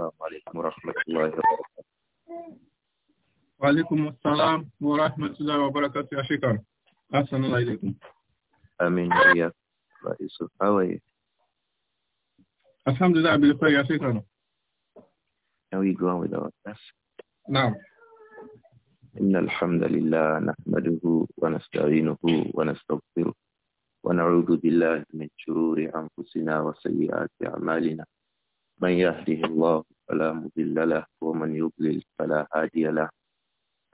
السلام عليكم ورحمة الله وبركاته وعليكم السلام ورحمة الله وبركاته يا شكر أحسن الله إليكم أمين يا يوسف How الحمد لله بالخير يا شكر How are you going with our class? نعم إن الحمد لله نحمده ونستعينه ونستغفره ونعوذ بالله من شرور أنفسنا وسيئات أعمالنا من يهده الله فلا مضل له ومن يضلل فلا هادي له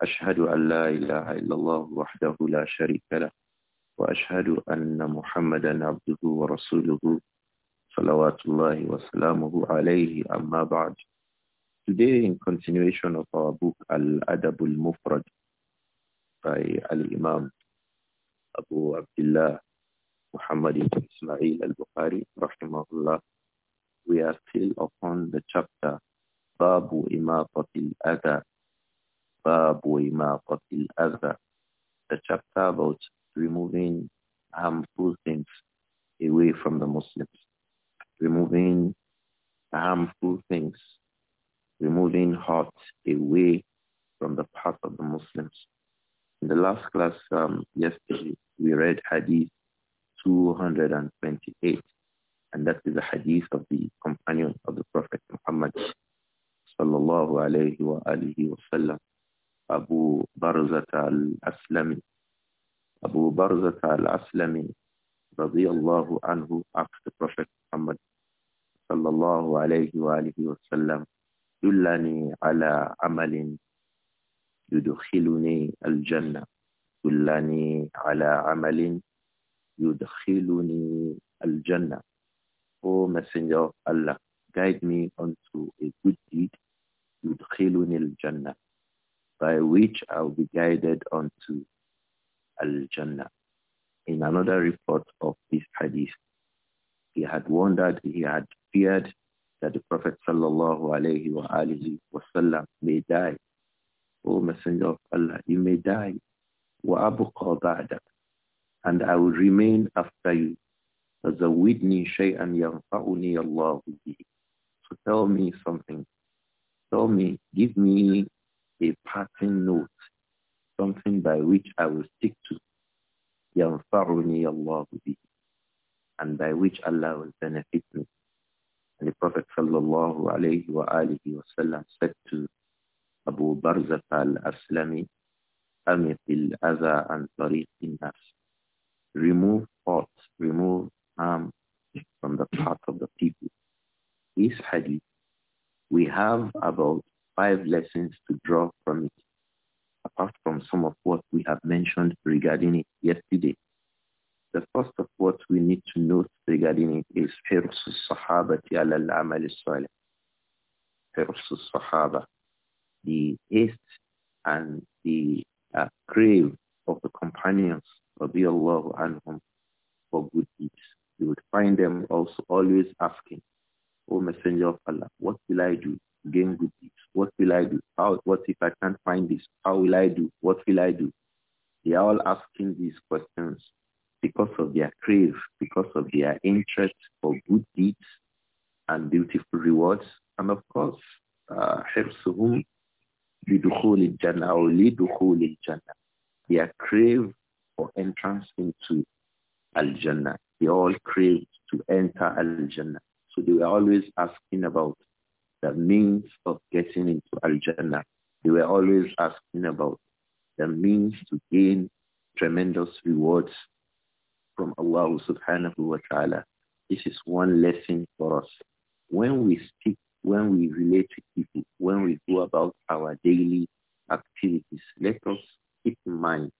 أشهد أن لا إله إلا الله وحده لا شريك له وأشهد أن محمدا عبده ورسوله صلوات الله وسلامه عليه أما بعد Today in continuation of our book Al-Adab al-Mufrad by Al-Imam Abu Abdullah Muhammad ibn Ismail al-Bukhari rahimahullah we are still upon the chapter Babu Imaqatil Adha. Babu Imaqatil Adha. The chapter about removing harmful things away from the Muslims. Removing harmful things. Removing hurt away from the path of the Muslims. In the last class um, yesterday, we read Hadith 228 and that is a hadith of the companion of the Prophet Muhammad sallallahu alayhi wa alihi wa sallam, Abu Barzat al-Aslami. Abu Barzat al-Aslami radiallahu anhu asked the Prophet Muhammad sallallahu alayhi wa alihi wa sallam, Dullani ala amalin يدخلني الجنة دلني على عمل يدخلني الجنة O Messenger of Allah, guide me unto a good deed, yudkhilunil jannah, by which I will be guided unto al-jannah. In another report of this hadith, he had wondered, he had feared that the Prophet sallallahu alaihi wa alihi wasallam may die. O Messenger of Allah, you may die. وَأَبْقَى بَعْدَكَ And I will remain after you. فَزَوِّدْنِي شَيْئًا يَنْفَعُنِي اللَّهُ So tell me something. Tell me, give me a pattern note, something by which I will stick to. يَنْفَعُنِي اللَّهُ بِهِ And by which Allah will benefit me. And the Prophet sallallahu alayhi wa alihi wa sallam said to Abu Barzat al-Aslami, أمت الأذى عن Remove thoughts, remove harm from the part of the people. This hadith, we have about five lessons to draw from it, apart from some of what we have mentioned regarding it yesterday. The first of what we need to note regarding it is Hirsu Sahabati ala al-amal salih. Hirsu Sahaba. The haste and the uh, crave of the companions, radiallahu anhum, for good deeds you would find them also always asking, O Messenger of Allah, what will I do? Gain good deeds. What will I do? How, what if I can't find this? How will I do? What will I do? They are all asking these questions because of their crave, because of their interest for good deeds and beautiful rewards. And of course, uh, لدخول الجنة الجنة. Their crave for entrance into Al-Jannah. They all craved to enter Al-Jannah. So they were always asking about the means of getting into Al-Jannah. They were always asking about the means to gain tremendous rewards from Allah subhanahu wa ta'ala. This is one lesson for us. When we speak, when we relate to people, when we go about our daily activities, let us keep in mind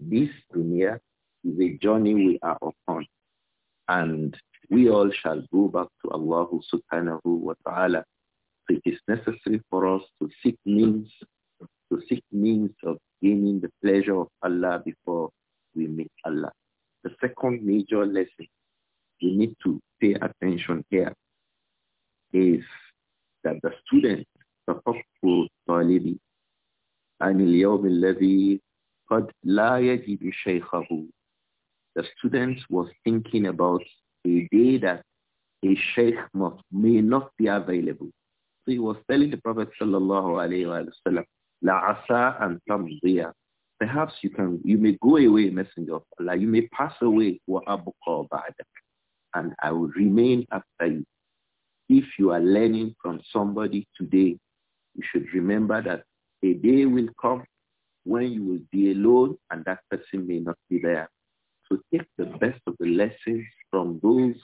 this dunya is a journey we are upon and we all shall go back to Allah subhanahu wa ta'ala. So it is necessary for us to seek means, to seek means of gaining the pleasure of Allah before we meet Allah. The second major lesson we need to pay attention here is that the student, the Tafakkur Talibi, عن اليوم الذي قد لا يجد شيخه the student was thinking about a day that a sheikh must, may not be available. So he was telling the Prophet sallallahu alayhi la asa and tamdiya. Perhaps you can, you may go away, messenger of Allah. You may pass away, wa abu and I will remain after you. If you are learning from somebody today, you should remember that a day will come when you will be alone and that person may not be there to take the best of the lessons from those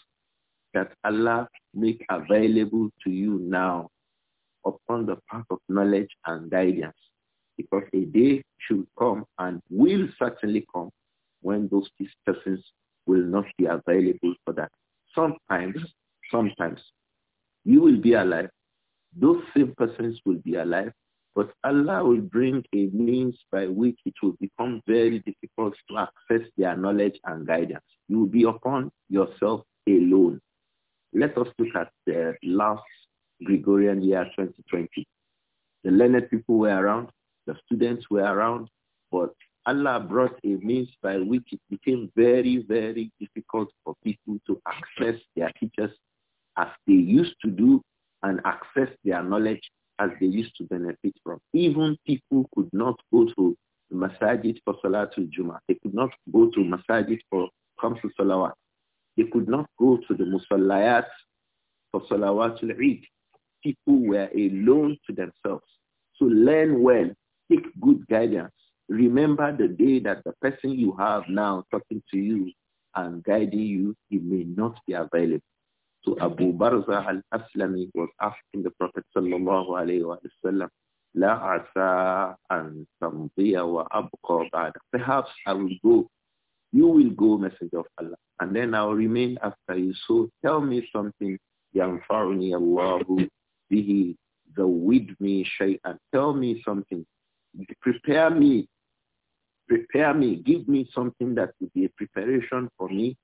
that Allah make available to you now upon the path of knowledge and guidance. Because a day should come and will certainly come when those persons will not be available for that. Sometimes, sometimes, you will be alive. Those same persons will be alive but Allah will bring a means by which it will become very difficult to access their knowledge and guidance. You will be upon yourself alone. Let us look at the last Gregorian year 2020. The learned people were around, the students were around, but Allah brought a means by which it became very, very difficult for people to access their teachers as they used to do and access their knowledge as they used to benefit from. Even people could not go to masajid for to Juma. They could not go to masajid for Khamsul Salawat. They could not go to the musallayat for Salawatul Eid. People were alone to themselves. So learn well. Take good guidance. Remember the day that the person you have now talking to you and guiding you, he may not be available. So Abu Barzah al-Aslami was asking the Prophet sallallahu alayhi wa sallam, لا عسى أن تمضي وأبقى بعد. Perhaps I will go. You will go, Messenger of Allah. And then I will remain after you. So tell me something. ينفعني the with me شيئا. Tell me something. Prepare me. Prepare me. Give me something that will be a preparation for me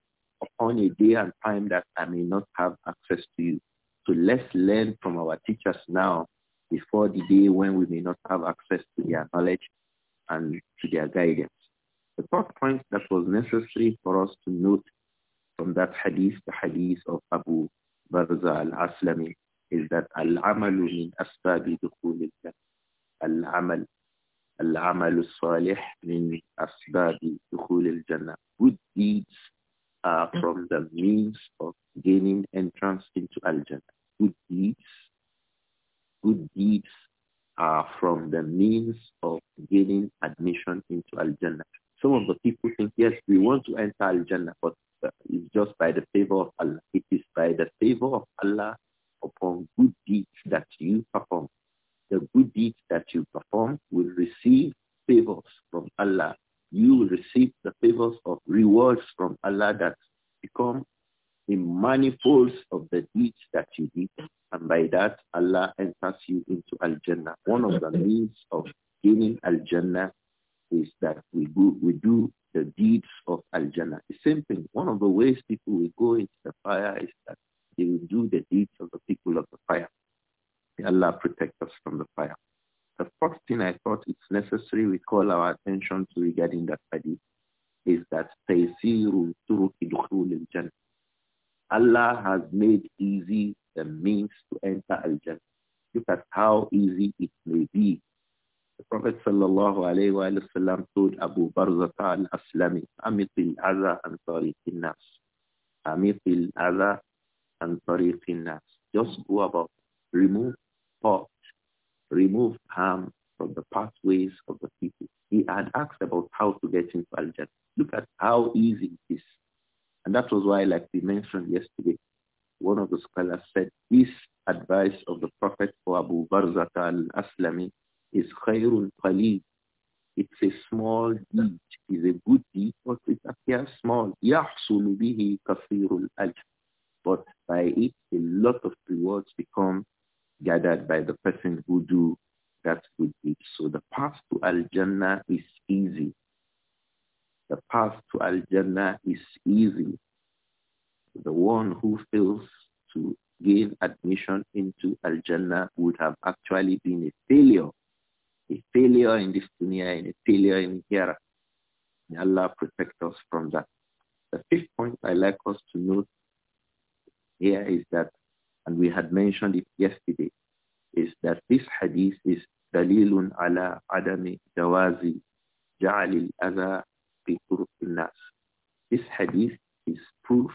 upon a day and time that I may not have access to you. So let's learn from our teachers now before the day when we may not have access to their knowledge and to their guidance. The third point that was necessary for us to note from that hadith, the hadith of Abu Barza al-Aslami, is that al-amalu min asbabi dukhul al-amal al-amalu salih min asbabi al-jannah. Good deeds are mm-hmm. from the means of gaining entrance into Al-Jannah. Good deeds, good deeds are from the means of gaining admission into Al-Jannah. Some of the people think, yes, we want to enter Al-Jannah, but uh, it's just by the favor of Allah. It is by the favor of Allah upon good deeds that you perform. The good deeds that you perform will receive favors from Allah you will receive the favors of rewards from Allah that become the manifolds of the deeds that you did. And by that, Allah enters you into Al-Jannah. One of the means of gaining Al-Jannah is that we do, we do the deeds of Al-Jannah. The same thing. One of the ways people will go into the fire is that they will do the deeds of the people of the fire. May Allah protect us from the fire. The first thing I thought it's necessary we call our attention to regarding that hadith is that Allah has made easy the means to enter Al-Jannah. Look at how easy it may be. The Prophet sallallahu alayhi wa sallam told Abu Barzata al-Aslami, Amitil Aza and Tariqin Nas. Amitil Aza and Tariqin Nas. Just go about, remove thought remove harm from the pathways of the people. He had asked about how to get into al Look at how easy it is. And that was why, like we mentioned yesterday, one of the scholars said, this advice of the Prophet for Abu Barzata al-Aslami is khairun qalid. It's a small deed. It's a good deed, but it appears small. يَحْصُلُ bihi kafirul الْأَجْرِ But by it, a lot of rewards become gathered by the person who do that good deed. So the path to Al-Jannah is easy. The path to Al-Jannah is easy. The one who fails to gain admission into Al-Jannah would have actually been a failure. A failure in this dunya and a failure in here. May Allah protect us from that. The fifth point I like us to note here is that and we had mentioned it yesterday, is that this hadith is dalilun ala adami jawazi ja'alil adha fi nas. This hadith is proof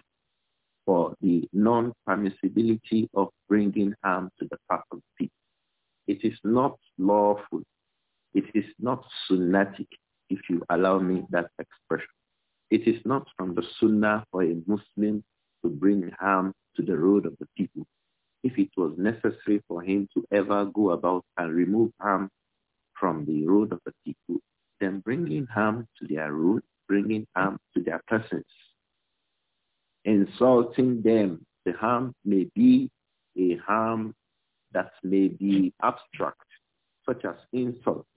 for the non-permissibility of bringing harm to the path of people. It is not lawful. It is not sunnatic, if you allow me that expression. It is not from the sunnah for a Muslim to bring harm to the road of the people if it was necessary for him to ever go about and remove harm from the road of the people, then bringing harm to their road, bringing harm to their presence, insulting them. The harm may be a harm that may be abstract, such as insult.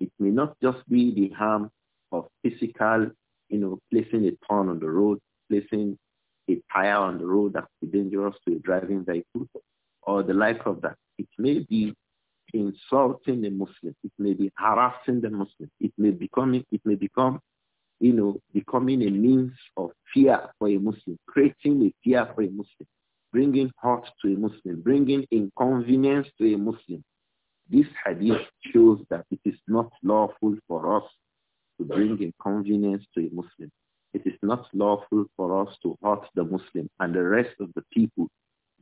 It may not just be the harm of physical, you know, placing a thorn on the road, placing a tire on the road that could be dangerous to a driving vehicle or the like of that. It may be insulting a Muslim. It may be harassing the Muslim. It may become, it may become, you know, becoming a means of fear for a Muslim, creating a fear for a Muslim, bringing hurt to a Muslim, bringing inconvenience to a Muslim. This hadith shows that it is not lawful for us to bring inconvenience to a Muslim it is not lawful for us to hurt the Muslim and the rest of the people.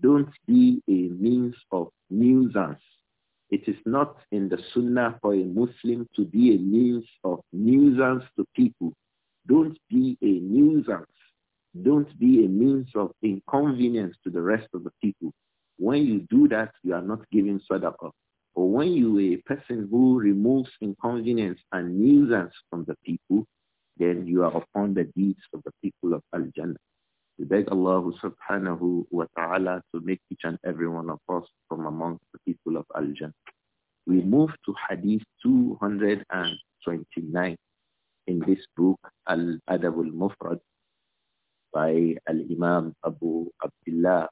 Don't be a means of nuisance. It is not in the Sunnah for a Muslim to be a means of nuisance to people. Don't be a nuisance. Don't be a means of inconvenience to the rest of the people. When you do that, you are not giving sadaqah. Or when you are a person who removes inconvenience and nuisance from the people, then you are upon the deeds of the people of Al-Jannah. We beg Allah subhanahu wa ta'ala to make each and every one of us from amongst the people of Al-Jannah. We move to Hadith 229 in this book, Al-Adab al-Mufrad, by Al-Imam Abu Abdullah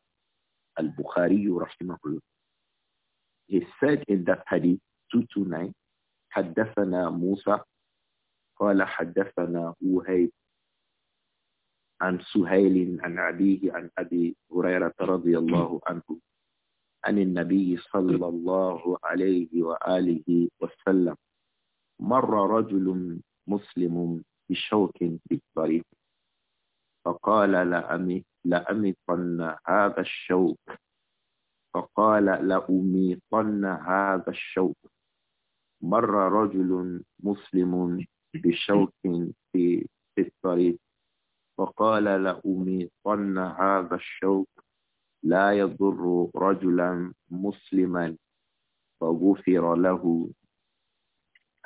Al-Bukhari rahimahullah. He said in that Hadith 229, حدثنا موسى قال حدثنا وهيب عن سهيل عن أبيه عن أبي هريرة رضي الله عنه عن النبي صلى الله عليه وآله وسلم مر رجل مسلم بشوك في الطريق فقال لأمطن هذا الشوك فقال لأميطن هذا الشوك مر رجل مسلم بشوك في في الطريق فقال لأميطن هذا الشوك لا يضر رجلا مسلما فغفر له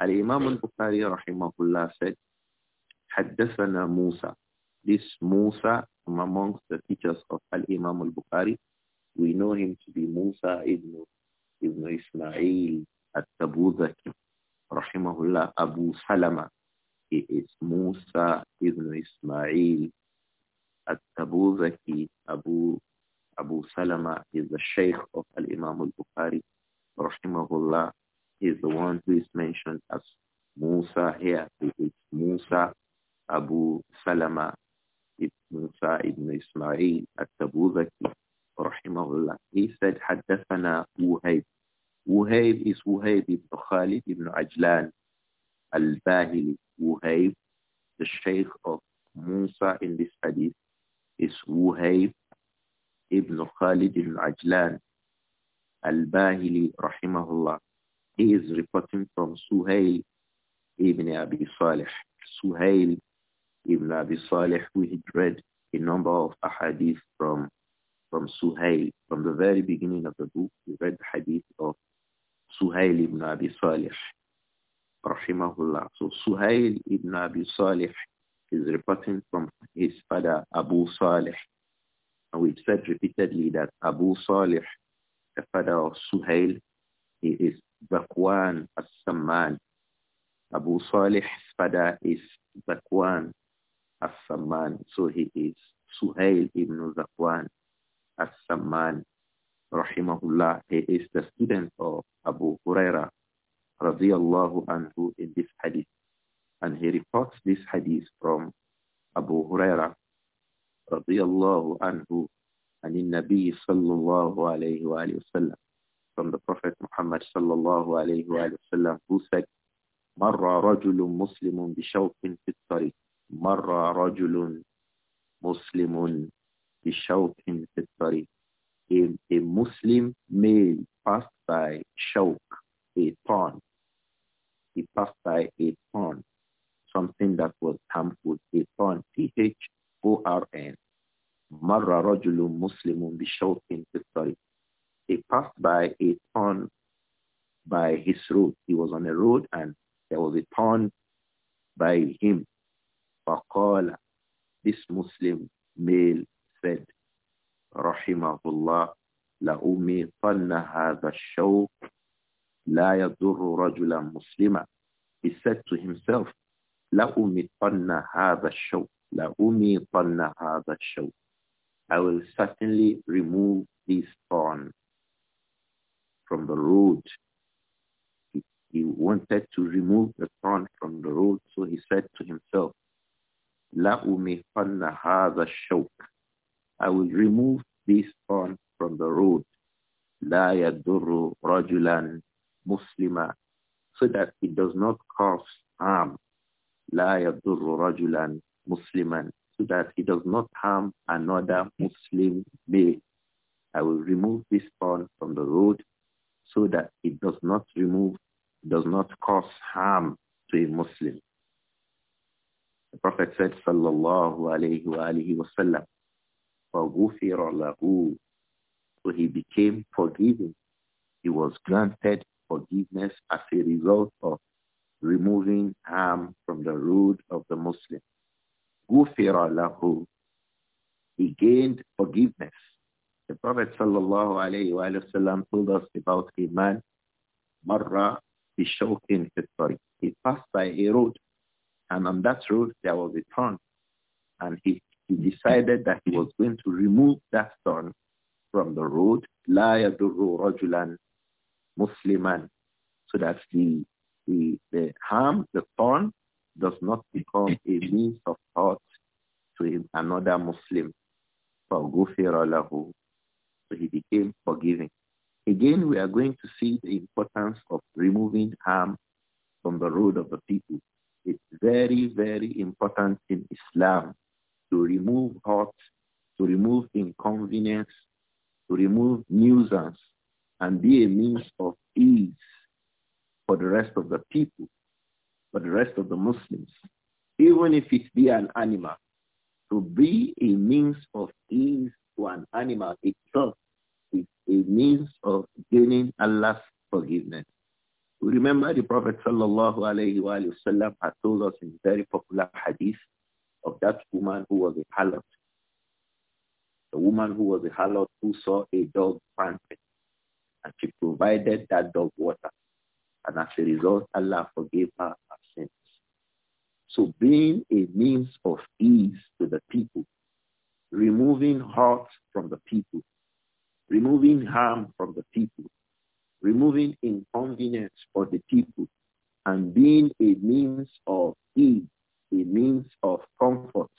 الإمام البخاري رحمه الله said حدثنا موسى this موسى from amongst the teachers of الإمام البخاري. we know him to be موسى ابن ابن Ismail at Abu Salama. He is Musa ibn Ismail at-Tabuzaki. Abu, Abu Salama is the Sheikh of Al-Imam al-Bukhari, rahimahullah. He is the one who is mentioned as Musa here. It is Musa Abu Salama. It's Musa ibn Ismail at-Tabuzaki, rahimahullah. He said, حدثنا وهيب. وهيب is وهيب ibn Khalid ibn Ajlan. Al-Bahili, Wuhayb, the Sheikh of Musa in this hadith is Wuhayb ibn Khalid al-Ajlan al-Bahili rahimahullah. He is reporting from Suhail ibn Abi Salih. Suhail ibn Abi Salih, we had read a number of hadith from, from Suhail. From the very beginning of the book, we read the hadith of Suhail ibn Abi Salih rahimahullah. So Suhail ibn Abi Salih is reporting from his father Abu Salih. And we've said repeatedly that Abu Salih, the father of Suhail, he is Bakwan as-Samman. Abu Salih's father is Zakwan as-Samman. So he is Suhail ibn Zakwan as-Samman. Rahimahullah. He is the student of Abu Huraira radiallahu anhu in this hadith. And he reports this hadith from Abu Huraira radiallahu anhu and in Nabi sallallahu alayhi wa sallam from the Prophet Muhammad sallallahu alayhi wa sallam who said مرة رجل مسلم بشوك في الطريق مرة رجل مسلم بشوك في الطريق a, a Muslim male passed by shawk a thorn. He passed by a pond. something that was harmful, a thorn, T-H-O-R-N. Marra rajulun muslimun bishawqin fi He passed by a pond by his road. He was on a road and there was a pond by him. Faqala, this Muslim male said, Rahimahullah, لأميطن هذا show." لا رجلا مسلما he said to himself لأميطن هذا الشوك لأميطن هذا الشوك I will certainly remove this thorn from the road. He, he wanted to remove the thorn from the road, so he said to himself, لأميطن هذا الشوك I will remove this thorn from the road. لا يضر رجلا Muslima so that it does not cause harm. La yadurru rajulan Musliman so that it does not harm another Muslim May I will remove this stone from the road so that it does not remove, does not cause harm to a Muslim. The Prophet said, Sallallahu alayhi wa alihi wa sallam, So he became forgiven. He was granted forgiveness as a result of removing harm from the road of the Muslim. غُفِرَ لَهُ He gained forgiveness. The Prophet sallallahu told us about a man, Marra Bishawkin history. He passed by a road, and on that road there was a turn, and he, he decided that he was going to remove that turn from the road. La يضر rajulan. Musliman so that the, the, the harm, the thorn does not become a means of hurt to another Muslim. So he became forgiving. Again, we are going to see the importance of removing harm from the road of the people. It's very, very important in Islam to remove hurt, to remove inconvenience, to remove nuisance and be a means of ease for the rest of the people, for the rest of the Muslims, even if it be an animal. To be a means of ease to an animal itself is a means of gaining Allah's forgiveness. We remember the Prophet sallallahu alayhi wa sallam had told us in very popular hadith of that woman who was a harlot. The woman who was a harlot who saw a dog panting. And she provided that dog water. And as a result, Allah forgave her her sins. So being a means of ease to the people, removing hurt from the people, removing harm from the people, removing inconvenience for the people, and being a means of ease, a means of comfort,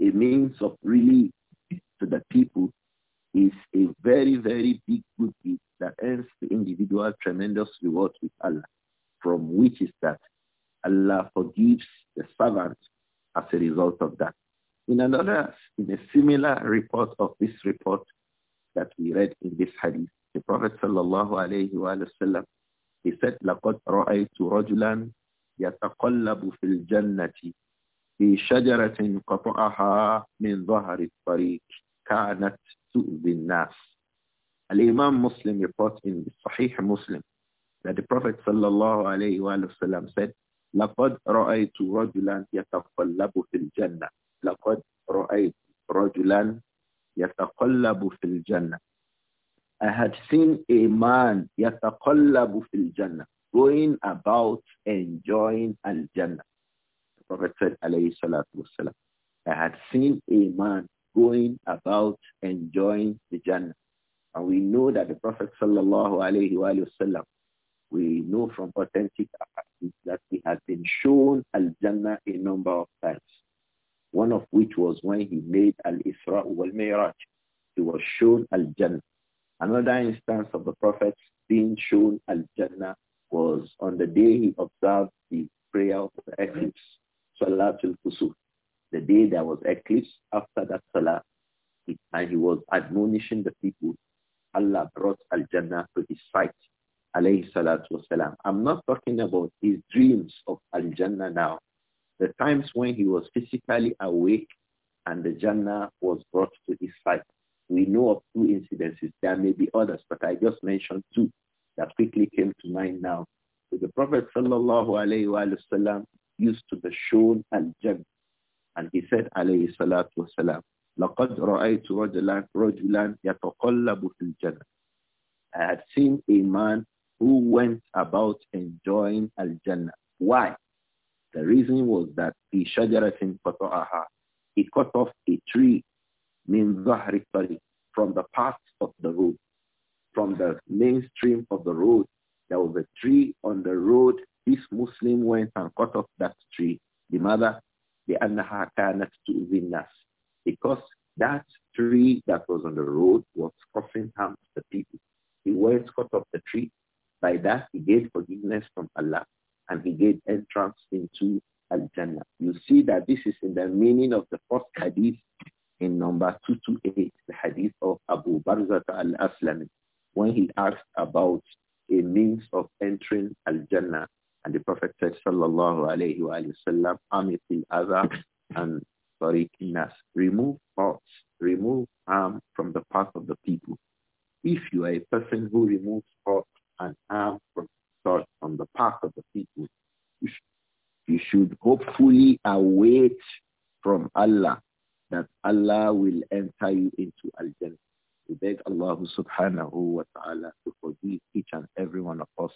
a means of relief to the people is a very, very big good deed that earns the individual tremendous reward with Allah, from which is that Allah forgives the servant as a result of that. In another, in a similar report of this report that we read in this hadith, the Prophet sallallahu alayhi wa sallam, he said, لَقَدْ رَأَيْتُ رَجُلًا يَتَقَلَّبُ فِي الْجَنَّةِ في شجرة قطعها من ظهر الطريق كانت the الناس النَّاسِ Al-Imam Muslim reports in Sahih Muslim that the Prophet sallallahu alayhi wa sallam said, لَقَدْ رَأَيْتُ رَجُلًا يَتَقَلَّبُ فِي الْجَنَّةِ لَقَدْ رَأَيْتُ رَجُلًا يَتَقَلَّبُ فِي الْجَنَّةِ I had seen a man يَتَقَلَّبُ فِي الْجَنَّةِ going about enjoying al-Jannah. The Prophet said alayhi salatu wasalam, I had seen a man going about enjoying the Jannah. And we know that the Prophet sallallahu alaihi wasallam. we know from authentic hadith that he has been shown Al-Jannah a number of times. One of which was when he made Al-Isra wal-Mi'raj. He was shown Al-Jannah. Another instance of the Prophet being shown Al-Jannah was on the day he observed the prayer of the eclipse, Salatul Kusuf. The day there was eclipse, admonishing the people, Allah brought Al-Jannah to his sight, I'm not talking about his dreams of Al-Jannah now. The times when he was physically awake and the Jannah was brought to his sight. We know of two incidences. There may be others, but I just mentioned two that quickly came to mind now. So the Prophet sallallahu used to be shown al-Jannah. And he said, alayhi salatu wasalam, لقد رأيت رجلا رجلا يتقلب في الجنة. I had seen a man who went about enjoying al-Jannah. Why? The reason was that the shajaratin qata'aha, he cut off a tree min zahri from the path of the road, from the mainstream of the road. There was a tree on the road. This Muslim went and cut off that tree. The mother, the annaha kanat tu'zinnas because that tree that was on the road was causing harm to the people. He went, cut off the tree. By that, he gave forgiveness from Allah and he gave entrance into Al-Jannah. You see that this is in the meaning of the first hadith in number 228, the hadith of Abu Barzata al-Aslami, when he asked about a means of entering Al-Jannah. And the Prophet said, Sallallahu Alaihi Wasallam, sallam, Amitil and Remove thoughts, remove harm from the path of the people. If you are a person who removes thoughts and harm from, from the path of the people, you should, you should hopefully await from Allah that Allah will enter you into Al-Jannah. We beg Allah subhanahu wa ta'ala to forgive each and every one of us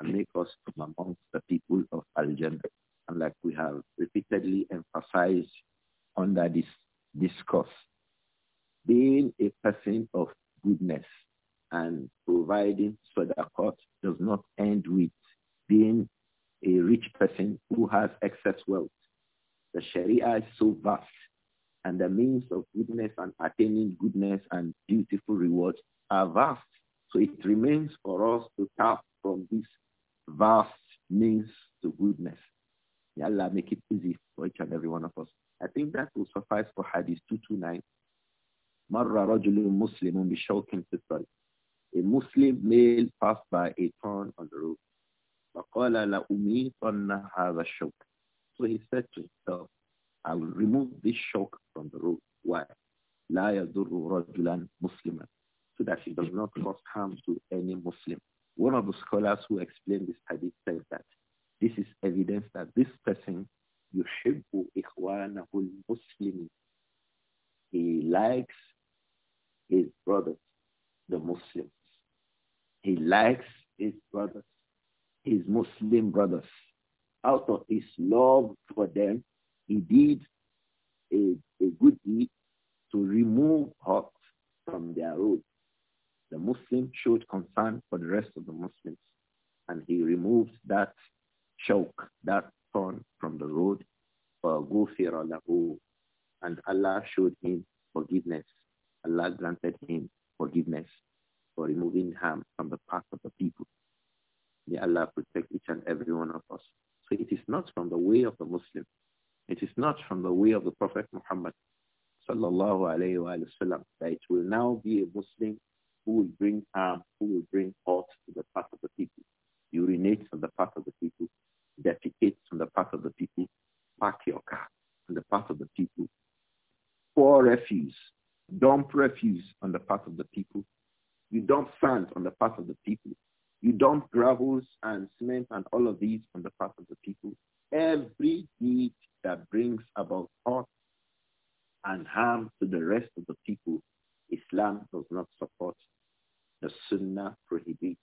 and make us from amongst the people of Al-Jannah. And like we have repeatedly emphasized under this discourse. Being a person of goodness and providing sadaqat does not end with being a rich person who has excess wealth. The Sharia is so vast and the means of goodness and attaining goodness and beautiful rewards are vast. So it remains for us to tap from these vast means to goodness. May Allah make it easy for each and every one of us. I think that will suffice for Hadith 229. A Muslim male passed by a thorn on the road. فَقَالَ لَأُمِيطَنَّ هَذَا الشَّوْكِ So he said to himself, I'll remove this shock from the road. Why? لَا يَضُرُّ رَجُلًا مُسْلِمًا So that he does not cause harm to any Muslim. One of the scholars who explained this hadith said that this is evidence that this person يحب إخوانه المسلمين. He likes his brothers, the Muslims. He likes his brothers, his Muslim brothers. Out of his love for them, he did a, a good deed to remove hurt from their road. The Muslim showed concern for the rest of the Muslims, and he removed that choke, that turn from the road, فَغُفِرَ لَهُ And Allah showed him forgiveness. Allah granted him forgiveness for removing harm from the path of the people. May Allah protect each and every one of us. So it is not from the way of the Muslim. It is not from the way of the Prophet Muhammad sallallahu alayhi wa sallam that it will now be a Muslim who will bring harm, who will bring hurt to the path of the people, urinate on the path of the people, defecates on the part of the people, park your car on the part of the people, pour refuse, dump refuse on the part of the people, you dump sand on the part of the people, you dump gravels and cement and all of these on the part of the people. Every deed that brings about hurt and harm to the rest of the people, Islam does not support. The Sunnah prohibits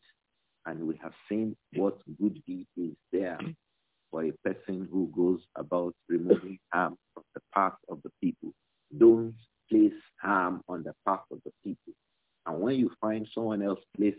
someone else place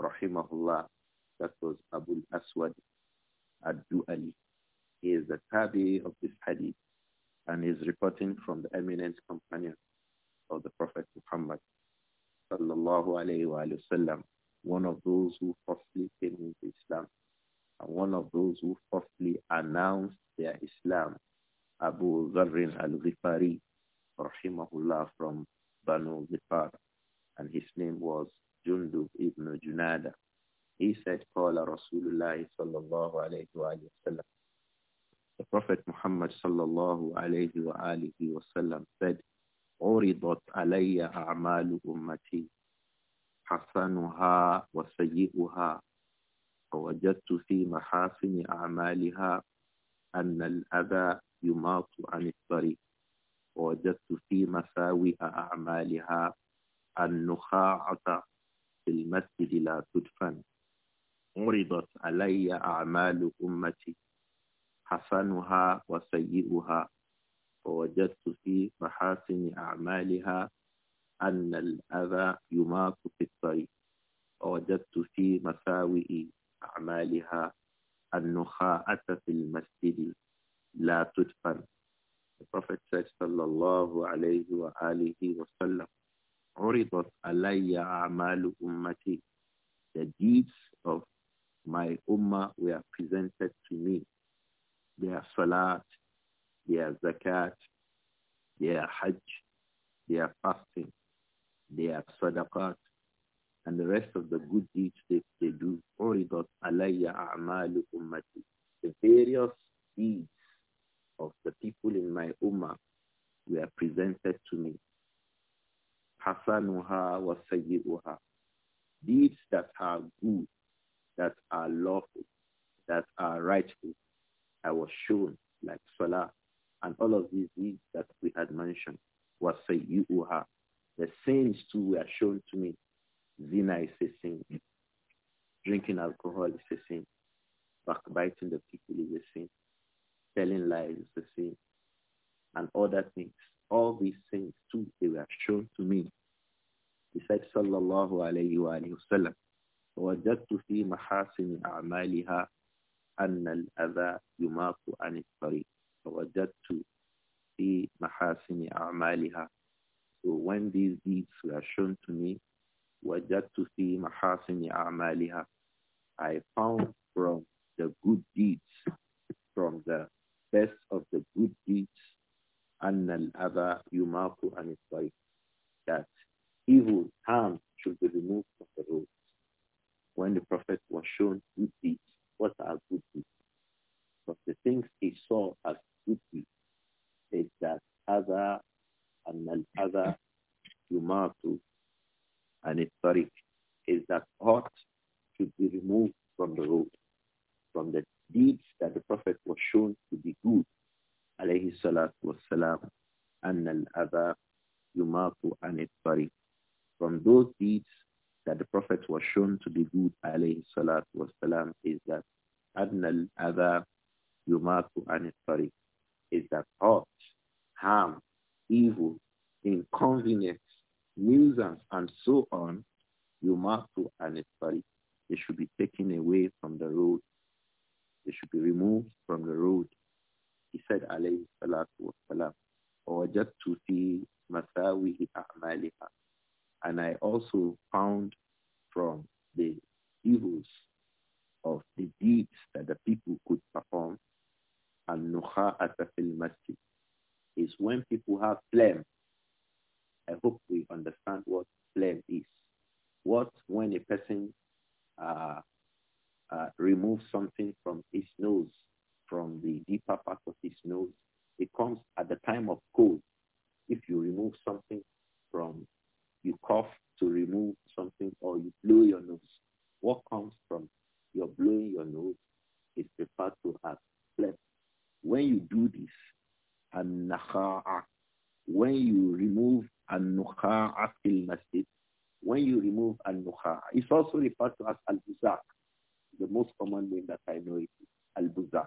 rahimahullah. That was Abu Aswad Ad-Du'ali. He is the tabi of this hadith and is reporting from the eminent companion of the Prophet Muhammad sallallahu alayhi wa sallam, one of those who firstly came into Islam and one of those who firstly announced their Islam, Abu Zarrin al-Ghifari rahimahullah from Banu Zifar and his name was Jundub ibn Junada. He said, Qala Rasulullah sallallahu alayhi wa sallam. The Prophet Muhammad sallallahu alayhi wa alihi wa sallam said, عرضت علي أعمال أمتي حسنها وسيئها وجدت في محاسن أعمالها أن الأذى يماط عن الطريق وجدت في مساوئ أعمالها النخاعة في المسجد لا تدفن عرضت علي أعمال أمتي حسنها وسيئها ووجدت في محاسن أعمالها أن الأذى يماط في الطريق ووجدت في مساوئ أعمالها النخاءة في المسجد لا تدفن The Prophet said, sallallahu alayhi wa alihi wa sallam, عرضت علي أعمال أمتي the deeds of my ummah were presented to me their salat their zakat their hajj their fasting their sadaqat and the rest of the good deeds that they do عرضت علي أعمال أمتي the various deeds of the people in my ummah were presented to me hasanuha wa sayyi'uha. Deeds that are good, that are lawful, that are rightful. I was shown like salah and all of these deeds that we had mentioned was sayyi'uha. The sins too were shown to me. Zina is a sin. Drinking alcohol is a sin. Backbiting the people is a sin. Telling lies is a sin. And other things all these things too, they were shown to me. He said, Sallallahu alayhi wa alayhi wa sallam, وَجَدْتُ فِي مَحَاسِنِ أَعْمَالِهَا أَنَّ الْأَذَى يُمَاطُ عَنِ الطَّرِيقِ وَوَجَدْتُ فِي مَحَاسِنِ أَعْمَالِهَا So when these deeds were shown to me, وَجَدْتُ فِي مَحَاسِنِ أَعْمَالِهَا I found from the good deeds, from the best of the good deeds أن al يماق عن الطريق that evil, harms should be removed from the road. When the Prophet was shown good deeds, what are good deeds? But the things he saw as good deeds is that other and another yumatu and its tariq is that ought should be removed from the road, from the deeds that the Prophet was shown to be good عليه الصلاة والسلام أن الأذى يماط عن الطريق From those deeds that the Prophet was shown to be good عليه الصلاة والسلام is that أن الأذى يماط عن الطريق is that hurt, harm, evil, inconvenience, nuisance, and so on, yumatu and itfari. They should be taken away from the road. They should be removed from the road. He said, alayhi salatu wasalam, وَوَجَدْتُ فِي مَسَاوِهِ amaliha." And I also found from the evils of the deeds that the people could perform, النُّخَاءَةَ فِي الْمَسْجِدِ is when people have phlegm. I hope we understand what phlegm is. What when a person uh, uh, removes something from his nose from the deeper part of his nose. It comes at the time of cold. If you remove something from, you cough to remove something or you blow your nose. What comes from your blowing your nose is referred to as phlegm. When you do this, an when you remove an fil when you remove it's also referred to as al-buzak. The most common name that I know is al-buzak.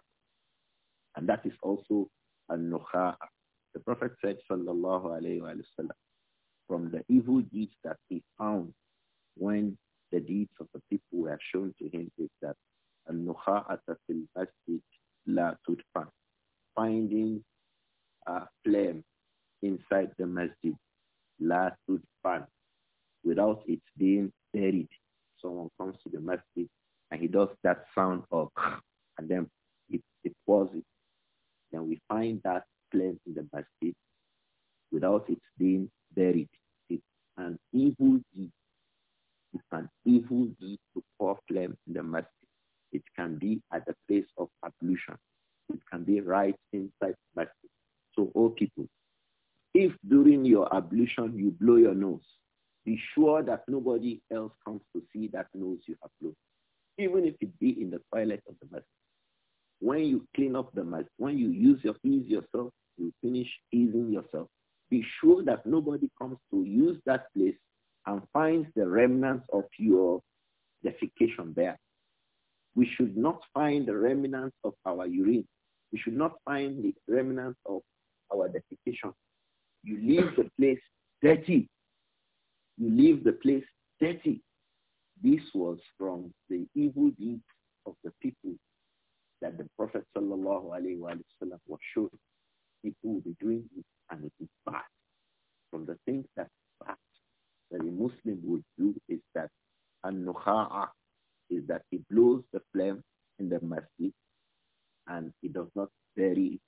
And that is also al-nukha'a. The Prophet said, sallallahu alayhi wa from the evil deeds that he found when the deeds of the people were shown to him is that al-nukha'ata fil masjid la tudfan. Finding a flame inside the masjid la tudfan without it being buried. Someone comes to the masjid and he does that sound of and then it, it was it and we find that plant in the basket without it being buried. It's an evil deed. It's an evil deed to pour in the basket. It can be at the place of ablution. It can be right inside the basket. So, all oh people, if during your ablution you blow your nose, be sure that nobody else comes to see that nose you have blown, even if it be in the toilet of the basket. When you clean up the mess, when you use your ease yourself, you finish easing yourself. Be sure that nobody comes to use that place and finds the remnants of your defecation there. We should not find the remnants of our urine. We should not find the remnants of our defecation. You leave the place dirty. You leave the place dirty. This was from the evil deeds of the people that the Prophet sallallahu alaihi wasallam was shown. People will be doing it and it is bad. From the things that bad that a Muslim would do is that an is that he blows the flame in the masjid and he does not bury it.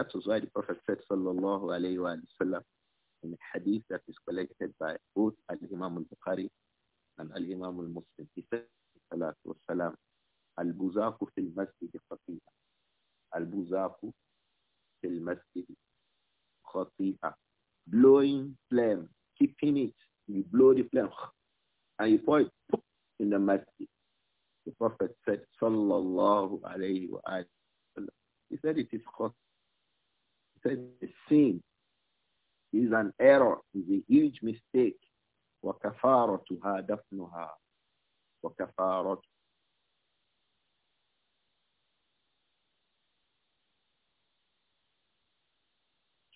That was why the Prophet said sallallahu alaihi wasallam in a hadith that is collected by both Al-Imam al-Bukhari and Al-Imam al-Muslim. He said, البزاق في المسجد خطيئة البزاق في المسجد خطيئة blowing flame keeping it you blow the flame and you pour it in the masjid the prophet said sallallahu alayhi wa sallam he said it is khot he said the sin is an error is a huge mistake وكفارتها دفنها وكفارتها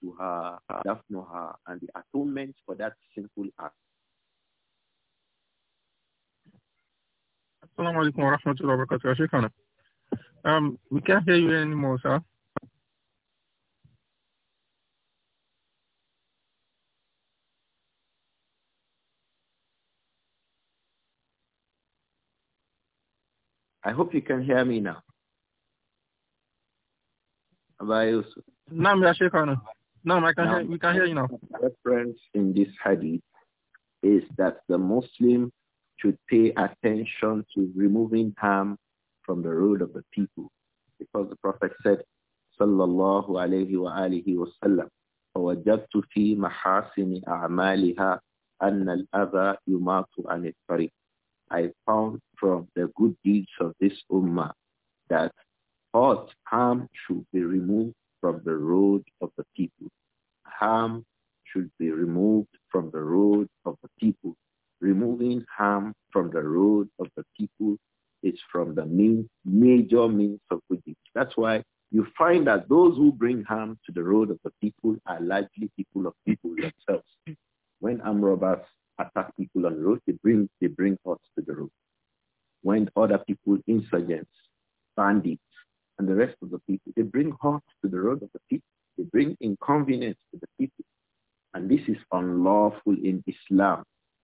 to her, dafnuha, and the atonement for that sinful act. Um, we can't hear you anymore, sir. I hope you can hear me now. Abba Yusuf. No, I can now, hear, we can hear you now. Reference in this hadith is that the Muslim should pay attention to removing harm from the road of the people, because the Prophet said, "Sallallahu alaihi wa alihi wasallam, ووجدت في محاسن أعمالها أن الأذى يمات عن الطريق." I found from the good deeds of this ummah that hurt, harm should be removed from the road of the people. Harm should be removed from the road of the people. Removing harm from the road of the people is from the main, major means of preaching. That's why you find that those who bring harm to the road of the people are largely people of people themselves. When armed robbers attack people on the road, they bring, they bring us to the road. When other people, insurgents, bandits, and the rest of the people. They bring hurt to the road of the people. They bring inconvenience to the people. And this is unlawful in Islam.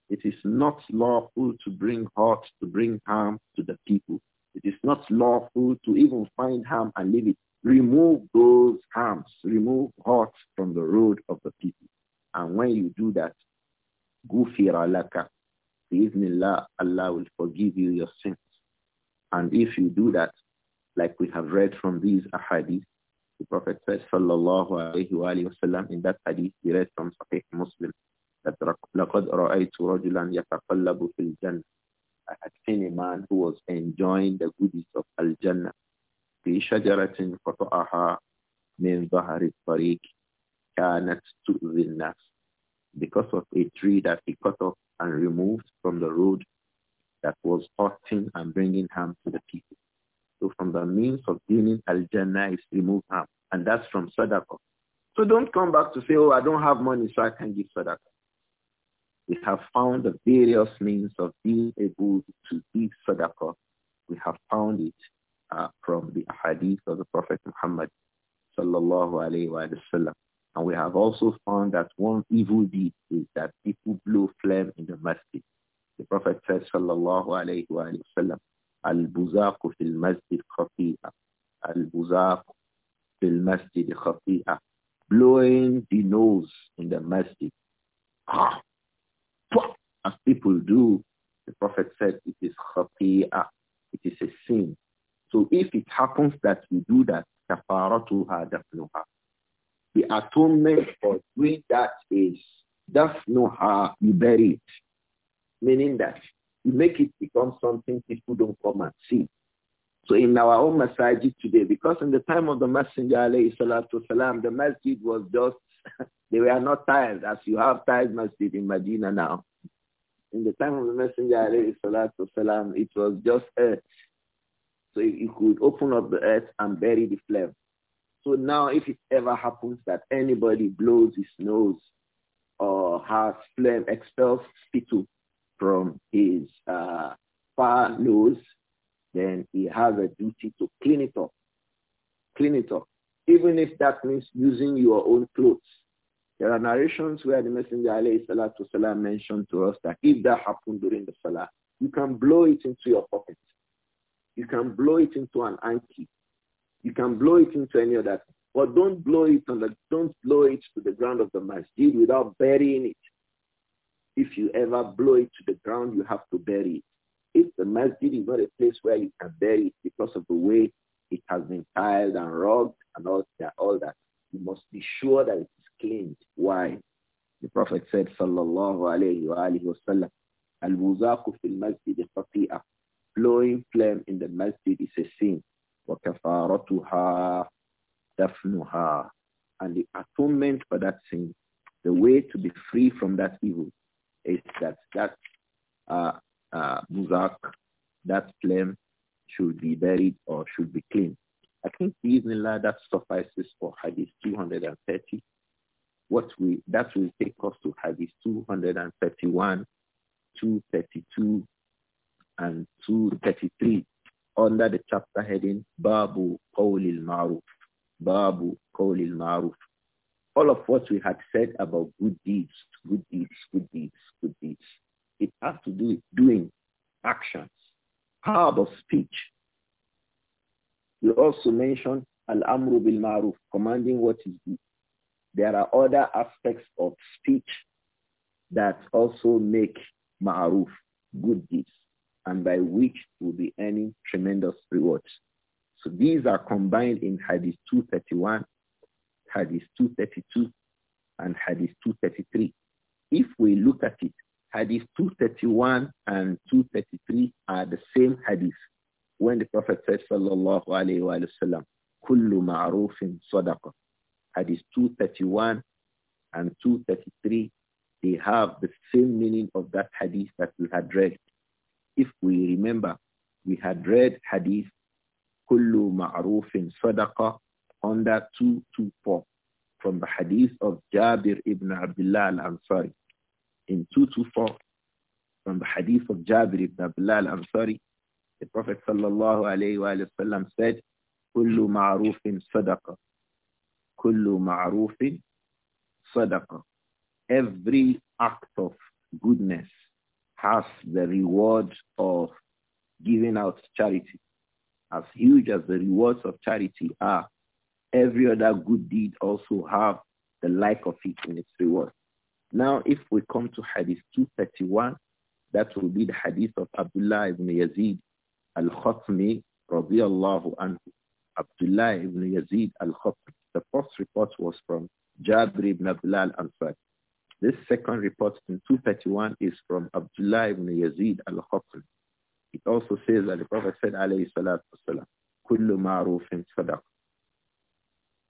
It is not lawful to bring hurt, to bring harm to the people. It is not lawful to even find harm and leave it. Remove those harms. Remove hurt from the road of the people. And when you do that, gufira laka. Biiznillah, Allah will forgive you your sins. And if you do that, like we have read from these ahadith. The Prophet said, sallallahu alayhi wa sallam, in that hadith we read from Sahih Muslim, that لَقَدْ رَأَيْتُ رَجُلًا يَتَقَلَّبُ فِي الْجَنَّةِ I had seen a man who was enjoying the goodies of Al-Jannah. فِي شَجَرَةٍ قَطَعَهَا مِنْ ظَهَرِ الطَّرِيقِ كَانَتْ تُؤْذِي النَّاسِ Because of a tree that he cut off and removed from the road that was hurting and bringing harm to the people. So from the means of gaining al-jannah is remove harm. And that's from sadaqah. So don't come back to say, oh, I don't have money, so I can not give sadaqah. We have found the various means of being able to give sadaqah. We have found it uh, from the hadith of the Prophet Muhammad sallallahu alayhi wa And we have also found that one evil deed is that people blow flame in the masjid. The Prophet said, sallallahu alayhi wa sallam, البزاق في المسجد خطيئة البزاق في المسجد خطيئة blowing the nose in the masjid as people do the prophet said it is khati'ah it is a sin so if it happens that we do that kafaratuha dafnuha the atonement for doing that is dafnuha you bury it meaning that make it become something people don't come and see. So in our own masjid today, because in the time of the Messenger, alayhi the masjid was just, they were not tiled as you have tiled masjid in Medina now. In the time of the Messenger, alayhi it was just earth. So you could open up the earth and bury the flame. So now if it ever happens that anybody blows his nose or has flame, expels spittle, from his uh, far nose, then he has a duty to clean it up. Clean it up. Even if that means using your own clothes. There are narrations where the Messenger والسلام, mentioned to us that if that happened during the Salah, you can blow it into your pocket. You can blow it into an anki. You can blow it into any other that, But don't blow it on the, don't blow it to the ground of the masjid without burying it. If you ever blow it to the ground, you have to bury it. If the masjid is not a place where you can bury it because of the way it has been tiled and rugged and all that, all that, you must be sure that it is cleaned. Why? The Prophet said, Sallallahu alayhi wa alayhi wa sallam, Al-Muzaku fil masjid khati'ah. Blowing flame in the masjid is a sin. وَكَفَارَتُهَا دَفْنُهَا And the atonement for that sin, the way to be free from that evil, is that that uh, uh, muzak, that flame should be buried or should be cleaned. I think Bismillah that suffices for Hadith 230. What we that will take us to Hadith 231, 232, and 233 under the chapter heading Babu Qawlil Ma'ruf. Babu Qawlil Ma'ruf. All of what we had said about good deeds good deeds, good deeds, good deeds. It has to do with doing actions, power of speech. We also mentioned al-amru bil maruf, commanding what is good. There are other aspects of speech that also make ma'ruf, good deeds, and by which will be earning tremendous rewards. So these are combined in Hadith 231, Hadith 232, and Hadith 233. If we look at it, Hadith 231 and 233 are the same hadith. When the Prophet said, Sallallahu Alaihi Wasallam, Kullu ma'rufin sadaqah. Hadith 231 and 233, they have the same meaning of that hadith that we had read. If we remember, we had read hadith Kullu ma'rufin sadaqah under 224 from the hadith of Jabir ibn Abdullah al-Ansari in 224 from the hadith of Jabir ibn Abdullah al-Ansari the Prophet sallallahu alayhi wa sallam said كل معروف صدقة كل معروف صدقة every act of goodness has the reward of giving out charity as huge as the rewards of charity are every other good deed also have the like of it in its reward. Now, if we come to Hadith 231, that will be the Hadith of Abdullah ibn Yazid al-Khatmi, radiallahu anhu. Abdullah ibn Yazid al-Khatmi. The first report was from Jabir ibn Abdullah al-Ansari. This second report in 231 is from Abdullah ibn Yazid al-Khatmi. It also says that the Prophet said, alayhi salatu wasalam, كل معروف صدقه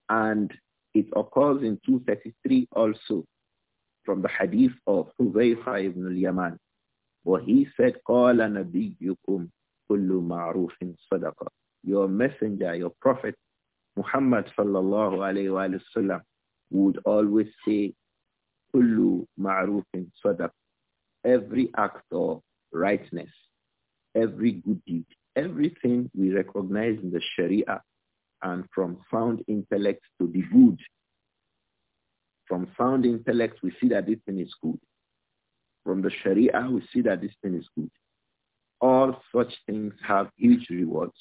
and it occurs in 233 also from the hadith of Huzaifa ibn al-Yaman. Where he said, قَالَ نَبِيُّكُمْ kullu مَعْرُوفٍ صَدَقَةً Your messenger, your prophet, Muhammad sallallahu alayhi wa sallam, would always say, "Kullu مَعْرُوفٍ صَدَقَةً Every act of rightness, every good deed, everything we recognize in the Sharia and from sound intellect to the good. From sound intellect, we see that this thing is good. From the Sharia, we see that this thing is good. All such things have huge rewards,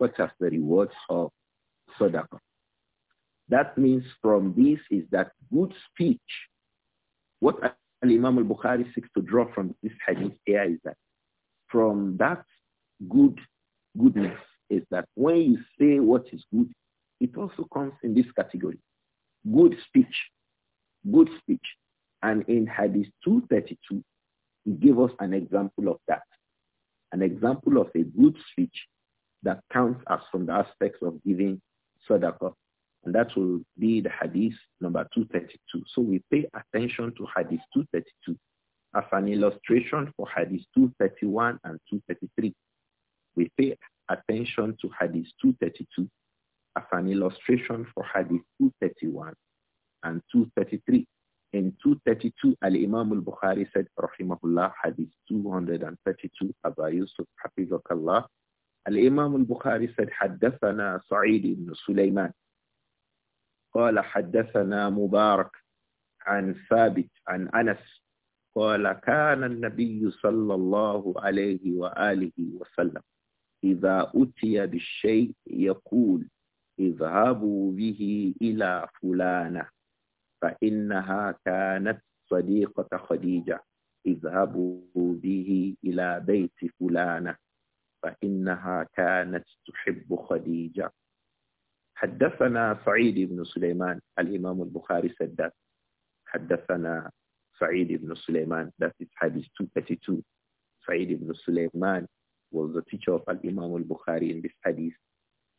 such as the rewards of Sadaqah. That means from this is that good speech. What imam al-Bukhari seeks to draw from this hadith here is that from that good goodness, is that when you say what is good, it also comes in this category. Good speech. Good speech. And in Hadith 232, he gave us an example of that. An example of a good speech that counts as from the aspects of giving sadaqah. And that will be the hadith number 232. So we pay attention to hadith 232 as an illustration for hadith 231 and 233. We pay attention to Hadith 232 as an illustration for Hadith 231 and 233. In 232, Al-Imam al-Bukhari said, Rahimahullah, Hadith 232, Aba Yusuf, Hafizakallah. Al-Imam al-Bukhari said, حدثنا سعيد بن سليمان قال حدثنا مبارك عن ثابت عن أنس قال كان النبي صلى الله عليه وآله وسلم إذا أتي بالشيء يقول اذهبوا به إلى فلانة فإنها كانت صديقة خديجة اذهبوا به إلى بيت فلانة فإنها كانت تحب خديجة حدثنا سعيد بن سليمان الإمام البخاري سدد حدثنا سعيد بن سليمان that is hadith 232 سعيد بن سليمان was the teacher of Al-Imam al-Bukhari in this hadith.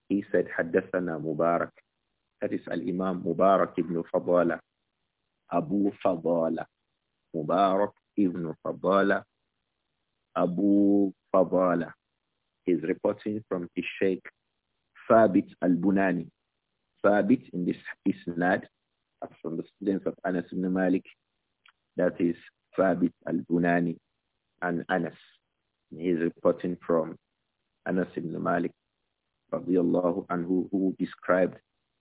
He said, حدثنا Mubarak." That is Al-Imam Mubarak ibn Fadala, Abu Fadala. Mubarak ibn Fadala, Abu Fadala. He's reporting from his Sheikh Thabit al-Bunani. Thabit in this isnad from the students of Anas ibn Malik. That is Thabit al-Bunani and Anas he's reporting from Anas ibn Malik radiallahu anhu who described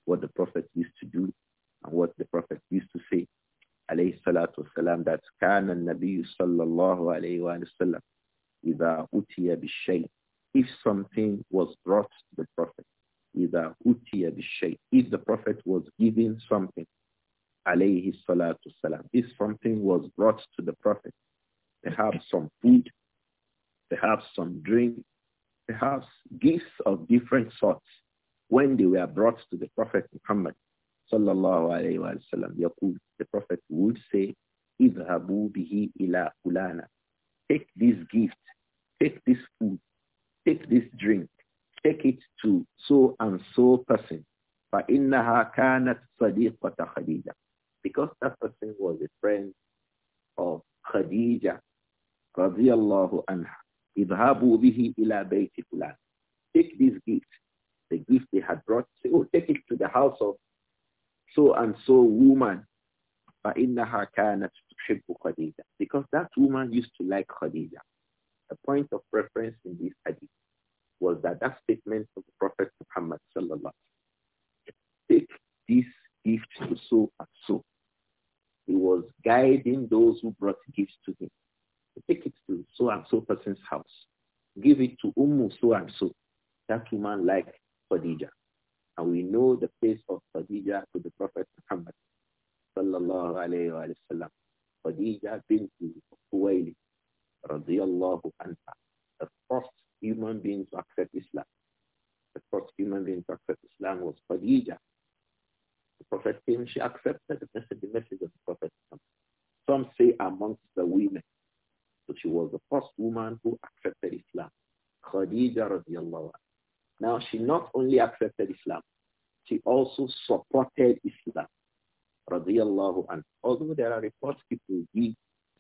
what the Prophet used to do and what the Prophet used to say alayhi salatu wasalam that kana nabi sallallahu alayhi wa sallam إذا أتي بالشيء if something was brought to the Prophet إذا أتي بالشيء if the Prophet was given something alayhi if something was brought to the Prophet perhaps some food perhaps some drink, perhaps gifts of different sorts when they were brought to the Prophet Muhammad sallallahu alayhi wa sallam. The Prophet would say, Idhabu bihi ila ulana. Take this gift, take this food, take this drink, take it to so and so person. فَإِنَّهَا كَانَتْ صَدِيقَةَ خَدِيجَةً Because that person was a friend of Khadija, radiallahu anha idhabu bihi Take this gift, the gift they had brought, say, oh, take it to the house of so and so woman. Because that woman used to like Khadija. The point of reference in this hadith was that that statement of the Prophet Muhammad take this gift to so and so. He was guiding those who brought gifts to him. Take it to so and so person's house. Give it to umu so and so. That woman like Khadija. And we know the face of Khadija to the Prophet Muhammad. Sallallahu alayhi wa sallam. Khadija bint Huwaili. Radiallahu anha. The first human being to accept Islam. The first human being to accept Islam was Khadija. The Prophet came, she accepted the message, the message of the Prophet. Some say amongst the women, she was the first woman who accepted Islam. Khadija radiallahu Now she not only accepted Islam, she also supported Islam radiallahu Although there are reports people give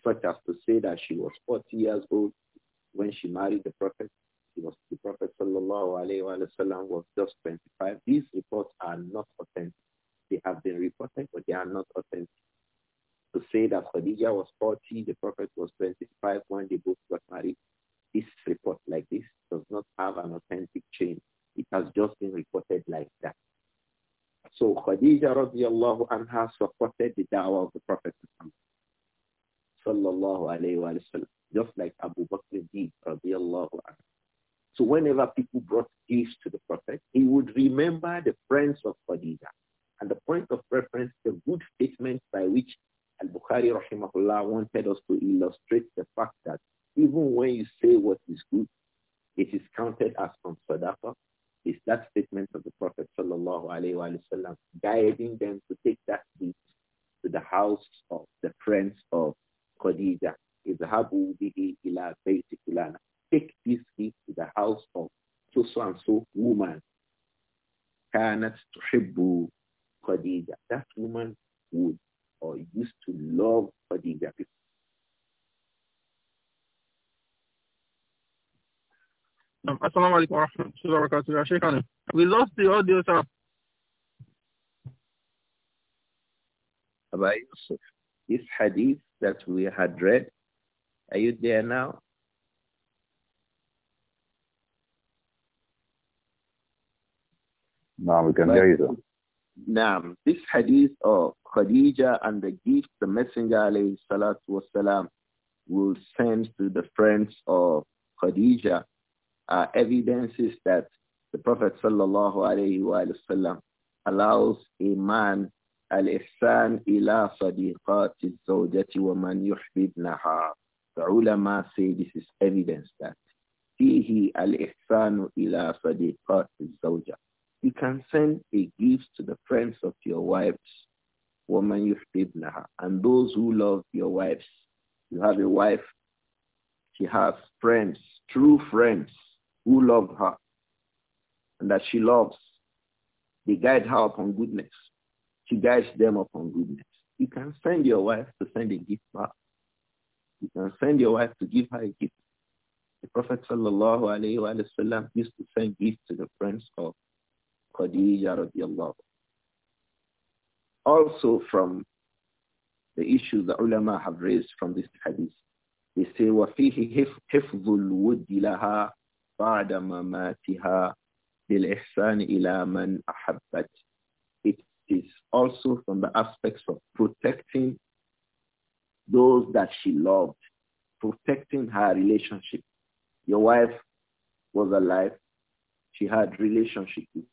such as to say that she was 40 years old when she married the Prophet. She was, the Prophet sallallahu alayhi wa was just 25. These reports are not authentic. They have been reported, but they are not authentic to say that Khadija was 40, the Prophet was 25 when they both got married, this report like this does not have an authentic chain. It has just been reported like that. So Khadija radiallahu anha supported the da'wah of the Prophet sallallahu alayhi wa sallam, just like Abu Bakr did radiallahu anha. So whenever people brought gifts to the Prophet, he would remember the friends of Khadija. And the point of reference, the good statement by which Al-Bukhari rahimahullah wanted us to illustrate the fact that even when you say what is good, it is counted as from sadaqah. Is that statement of the Prophet sallallahu alaihi wasallam guiding them to take that deed to the house of the friends of Khadija? Izhabu bihi ila baytikulana. Take this deed to the house of so so and so woman. Kanat tuhibbu Khadija. That woman would or used to love people. Um, Assalamu alaikum wa rahmatullahi wa We lost the audio, sir. Abba Yusuf, this hadith that we had read, are you there now? No, we can hear you. Now, this hadith of Khadija and the gift the Messenger alayhi salatu will send to the friends of Khadija are evidences that the Prophet sallallahu alayhi wa sallam allows a man al-ihsan ila sadiqati zawjati wa man yuhbibnaha. The ulama say this is evidence that fihi al-ihsanu ila sadiqati zawjati you can send a gift to the friends of your wives, woman you now, and those who love your wives. You have a wife. She has friends, true friends, who love her and that she loves. They guide her upon goodness. She guides them upon goodness. You can send your wife to send a gift back. You can send your wife to give her a gift. The Prophet sallallahu alayhi wa sallam used to send gifts to the friends of Khadija radiallahu. Also from the issue the ulama have raised from this hadith, they say, وَفِيهِ حِفْظُ الْوُدِّ لَهَا بَعْدَ مَمَاتِهَا بِالْإِحْسَانِ إِلَى مَنْ أَحَبَّتْ It is also from the aspects of protecting those that she loved, protecting her relationship. Your wife was alive. She had relationship with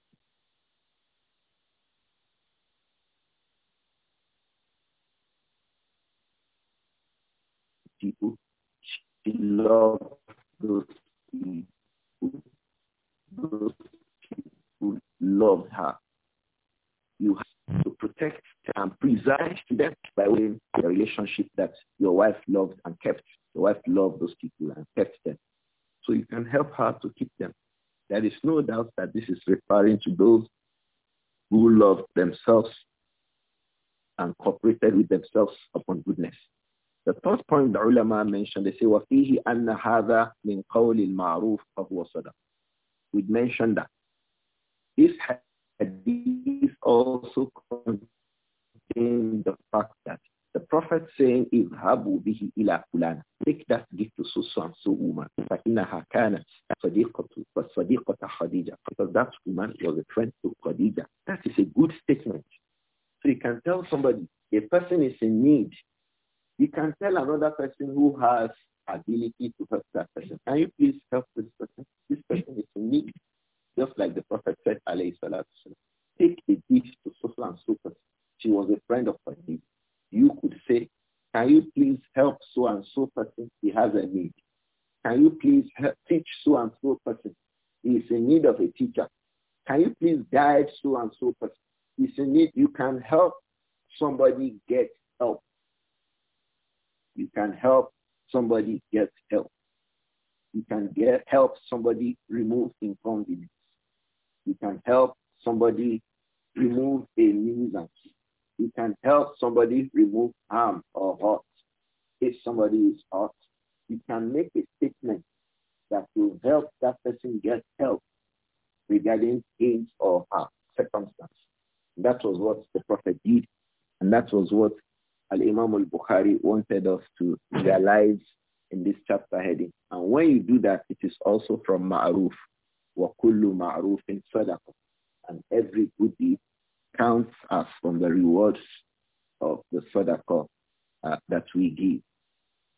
Love those people. Those people love her. You have to protect and preserve them by way of the relationship that your wife loved and kept. Your wife loved those people and kept them. So you can help her to keep them. There is no doubt that this is referring to those who loved themselves and cooperated with themselves upon goodness. The first point the ulama mentioned, they say, وَفِيهِ أَنَّ هَذَا مِنْ قَوْلِ الْمَعْرُوفِ فَهُوَ صَدَقٌ We mentioned that. This hadith also contains the fact that the Prophet saying, اِذْهَبُوا بِهِ إِلَى فُلَانَ Take that gift to so and so woman. فَإِنَّهَا كَانَتْ صَدِيقَةُ فَصَدِيقَةَ خَدِيجَةَ Because that woman was a friend to Khadija. That is a good statement. So you can tell somebody, a person is in need you can tell another person who has ability to help that person. Can you please help this person? This person is in need. Just like the Prophet said, alayhi salatu take a dish to Sufla and so She was a friend of Hadith. You could say, can you please help so and so person? He has a need. Can you please help, teach so and so person? He is in need of a teacher. Can you please guide so and so person? He's in need. You can help somebody get help. You can help somebody get help. You can get help somebody remove inconvenience. You can help somebody remove a nuisance. You can help somebody remove harm or hurt. If somebody is hurt, you can make a statement that will help that person get help regarding age or her circumstance. That was what the prophet did, and that was what Al-Imam al-Bukhari wanted us to realize in this chapter heading. And when you do that, it is also from ma'ruf. وَكُلُّ مَعْرُوفٍ صَدَقَةٍ And every good deed counts as from the rewards of the sadaqah uh, that we give.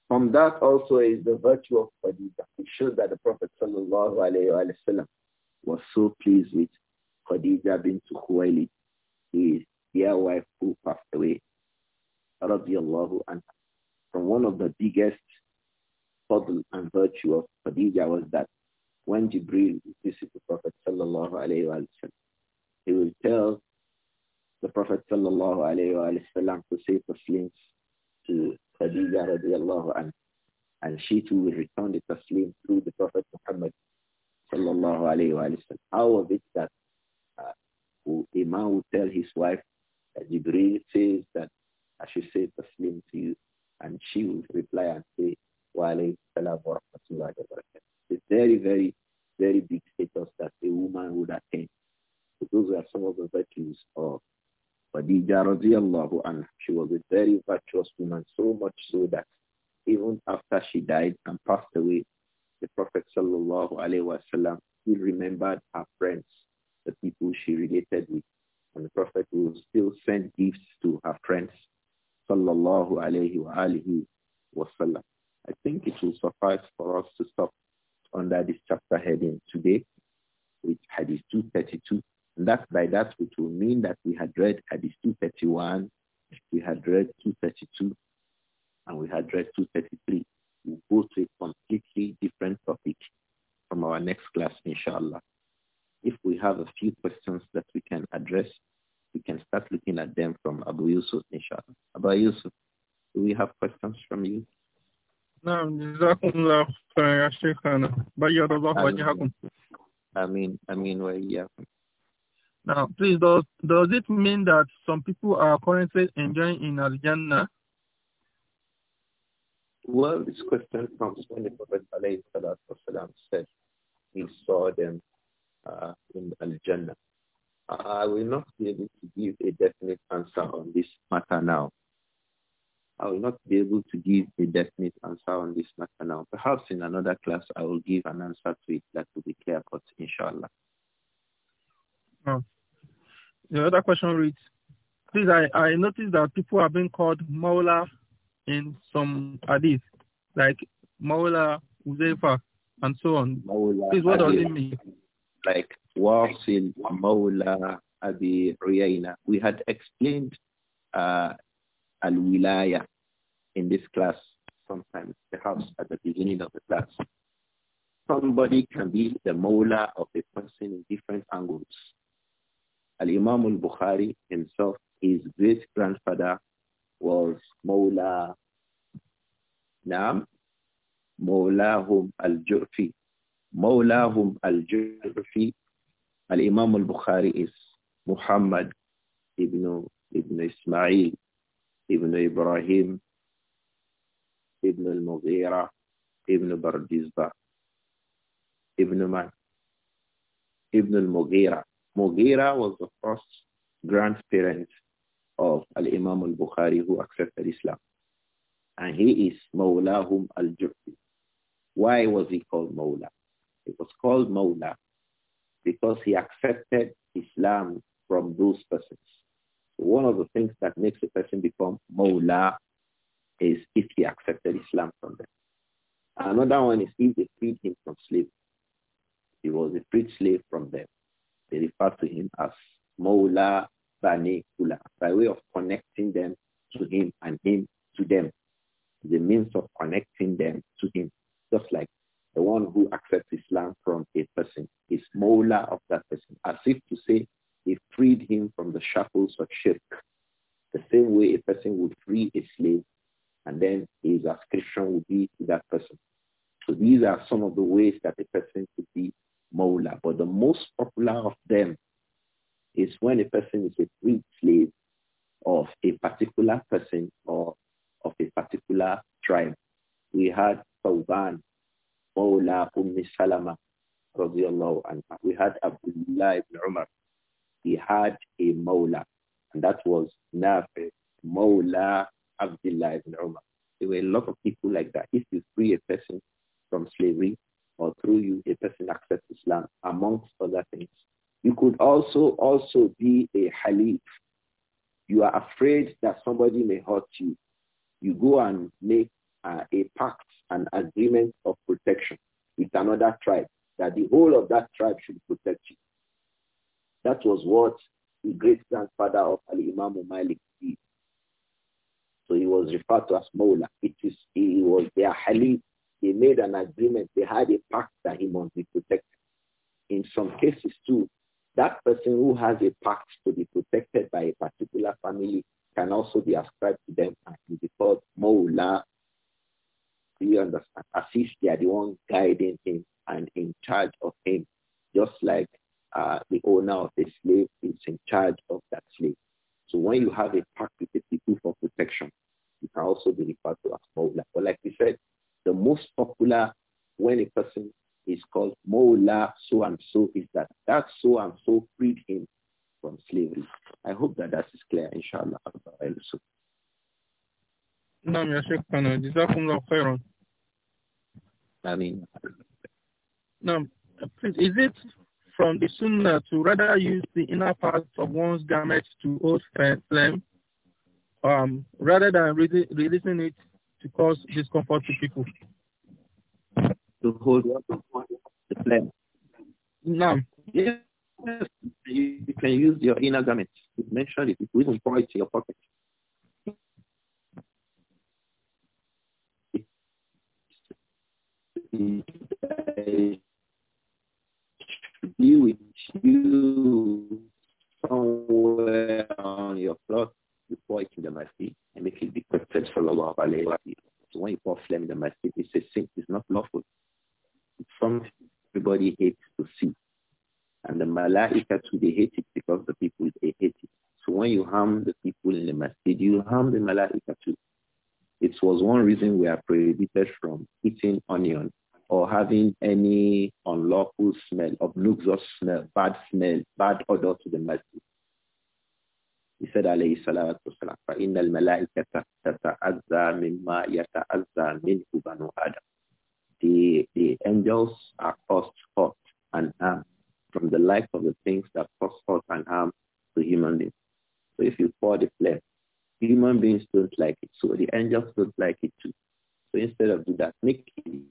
From that also is the virtue of Khadija. It shows that the Prophet wasallam was so pleased with Khadija bin Khuwailid, his dear wife who passed away radiallahu anha. From one of the biggest fadl and virtue of Khadija was that when Jibril visited the Prophet sallallahu alayhi wa he will tell the Prophet sallallahu alayhi wa to say taslims to Khadija radiallahu anha. And she too will return the taslim through the Prophet Muhammad sallallahu alayhi wa How was it that uh, a man would tell his wife that Jibril says that as she should the Taslim to you. And she would reply and say, Wa salam wa rahmatullahi It's very, very, very big status that a woman would attain. So those are some of the virtues of Khadija radiallahu anha. She was a very virtuous woman, so much so that even after she died and passed away, the Prophet sallallahu alaihi wasallam still remembered her friends, the people she related with, and the Prophet will still send gifts to her friends sallallahu alayhi wa alihi wasallam. I think it will suffice for us to stop under this chapter heading today with Hadith 232. And that by that it will mean that we had read Hadith 231, we had read 232, and we had read 233. We'll go to a completely different topic from our next class, inshallah. If we have a few questions that we can address, we can start looking at them from Abu Yusuf, inshallah. Abu Yusuf, do we have questions from you? I mean, I mean, يا شيخنا Now, please, does, does it mean that some people are currently enjoying in Al-Jannah? Well, this question comes when the Prophet ﷺ said he saw them uh, in Al-Jannah. I will not be able to give a definite answer on this matter now. I will not be able to give a definite answer on this matter now. Perhaps in another class I will give an answer to it that will be clear cut, inshallah. No. The other question reads, please, I, I noticed that people are being called Maula in some hadith, like Maula Uzefa and so on. Maula please, what does it mean? Like Wasil Mawla Abi Uyayna. We had explained uh, Al-Wilaya in this class sometimes, perhaps at the beginning of the class. Somebody can be the Mawla of a person in different angles. Al-Imam al-Bukhari himself, his great-grandfather was Mawla Naam Mawlahum al-Ju'fi. Mawlahum al-Ju'fi الإمام البخاري محمد ابن ابن إسماعيل ابن إبراهيم ابن المغيرة ابن برجزبة ابن من ابن المغيرة مغيرة was the first grandparent of الإمام البخاري who accepted Islam and he is مولاهم الجرد why was he called مولا he was called مولا because he accepted Islam from those persons. So one of the things that makes a person become Mawla is if he accepted Islam from them. Another one is if they freed him from slavery. He was a freed slave from them. They refer to him as Mawla Bani Kula by way of connecting them to him and him to them. The means of connecting them to him, just like the one who accepts Islam from a person, is mullah of that person, as if to say he freed him from the shackles of shirk. The same way a person would free a slave and then his ascription would be to that person. So these are some of the ways that a person could be mullah. But the most popular of them is when a person is a freed slave of a particular person or of a particular tribe. We had Sauban Mawla Ummi Salama, anha. We had Abdullah ibn Umar. He had a Mawla, and that was Nafi, Mawla Abdullah ibn Umar. There were a lot of people like that. If you free a person from slavery, or through you, a person accepts Islam, amongst other things. You could also also be a halif. You are afraid that somebody may hurt you. You go and make uh, a pact an agreement of protection with another tribe, that the whole of that tribe should protect you. That was what the great grandfather of Ali Imam Malik did. So he was referred to as Mawla. It is he was their Halif. They made an agreement. They had a pact that he must be protected. In some cases too, that person who has a pact to be protected by a particular family can also be ascribed to them and be called Mawla you understand? As if they are the one guiding him and in charge of him, just like uh, the owner of a slave is in charge of that slave. So when you have a pact with the people for protection, you can also be referred to as Mawla. But like we said, the most popular when a person is called Mawla so and so is that that so and so freed him from slavery. I hope that that is clear, inshallah. نعم يا شيخنا جزاكم الله خيرا I mean. No, please, is it from the sunnah to rather use the inner part of one's garment to hold flame um, rather than re releasing it to cause discomfort to people? To hold the flame. No. Yes, you can use your inner garment to mention it. You even pour it to your pocket. You, you, be with you somewhere on your pour before in the masjid and make it be perfect sallallahu alayhi wa So when you pour flame in the masjid, it's a sin. It's not lawful. It's something everybody hates to see. And the malaika too, they hate it because the people, they hate it. So when you harm the people in the masjid, you harm the malaika too. It was one reason we are prohibited from eating onion or having any unlawful smell, obnoxious smell, bad smell, bad odor to the masjid. He said, alayhi salatu wasalam, فَإِنَّ الْمَلَائِكَةَ تَتَأَذَّى مِمَّا يَتَأَذَّى مِنْهُ بَنُوا آدَمَ the, the angels are caused hurt and harm from the likes of the things that cause hurt and harm to human beings. So if you pour the flesh, Human beings don't like it, so the angels don't like it too. So instead of do that, make it,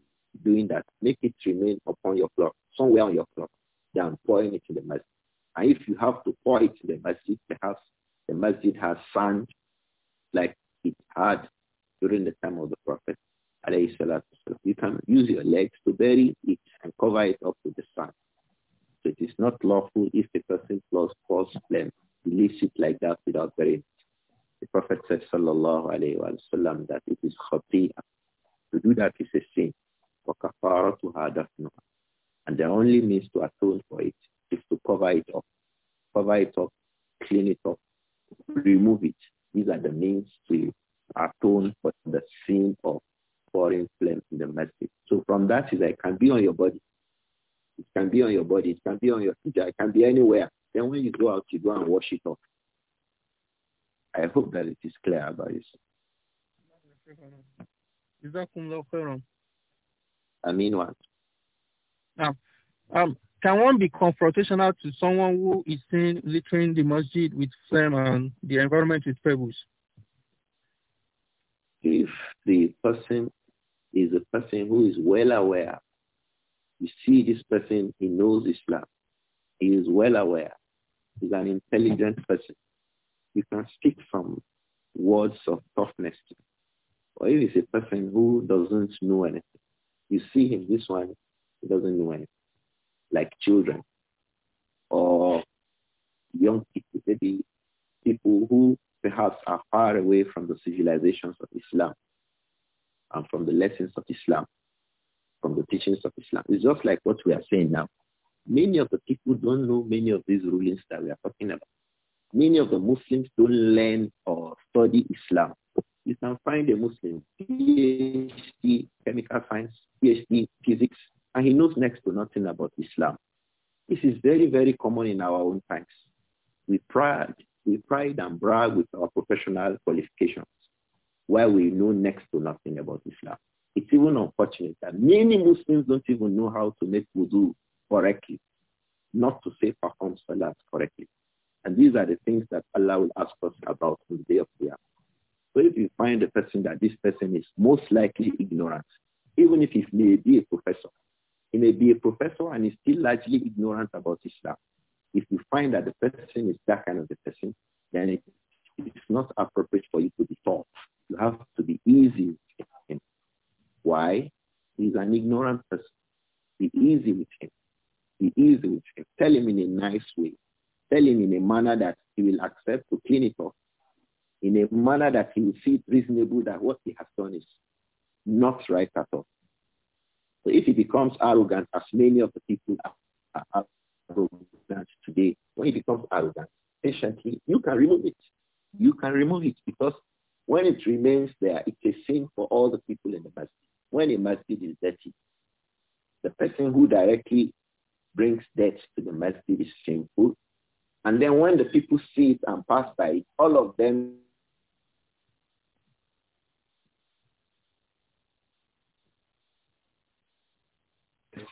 doing that, make it remain upon your floor, somewhere on your floor, Then pouring it in the masjid. And if you have to pour it in the masjid, perhaps the masjid has sand like it had during the time of the Prophet. You can use your legs to bury it and cover it up with the sand. So it is not lawful if the person pours phlegm, leaves it like that without burying the Prophet said, sallallahu alayhi wa sallam, that it is khati'ah. To do that is a sin. And the only means to atone for it is to cover it up. Cover it up, clean it up, remove it. These are the means to atone for the sin of foreign flame in the masjid. So from that, it can be on your body. It can be on your body. It can be on your hijab. It can be anywhere. Then when you go out, you go and wash it off. I hope that it is clear about I mean what? Um, um, can one be confrontational to someone who is seen littering the masjid with flame and the environment with pebbles? If the person is a person who is well aware, you see this person, he knows Islam. He is well aware. He's an intelligent person you can speak from words of toughness. Or if it's a person who doesn't know anything, you see him, this one, he doesn't know anything, like children or young people, maybe people who perhaps are far away from the civilizations of Islam and from the lessons of Islam, from the teachings of Islam. It's just like what we are saying now. Many of the people don't know many of these rulings that we are talking about. Many of the Muslims don't learn or study Islam. You can find a Muslim, PhD, chemical science, PhD, physics, and he knows next to nothing about Islam. This is very, very common in our own times. We pride, we pride and brag with our professional qualifications, while we know next to nothing about Islam. It's even unfortunate that many Muslims don't even know how to make wudu correctly, not to say perform salat correctly. And these are the things that Allah will ask us about on the day of Qiyamah. So if you find a person that this person is most likely ignorant, even if he may be a professor, he may be a professor and is still largely ignorant about Islam. If you find that the person is that kind of a person, then it, it's not appropriate for you to be taught. You have to be easy with him. Why? He's an ignorant person. Be easy with him. Be easy with him. Tell him in a nice way. Tell him in a manner that he will accept to clean it up, in a manner that he will see reasonable that what he has done is not right at all. So if he becomes arrogant, as many of the people are, arrogant today, when he becomes arrogant, patiently, you can remove it. You can remove it because when it remains there, it's a sin for all the people in the masjid. When a masjid is dirty, the person who directly brings dirt to the masjid is shameful and then when the people see it and pass by it, all of them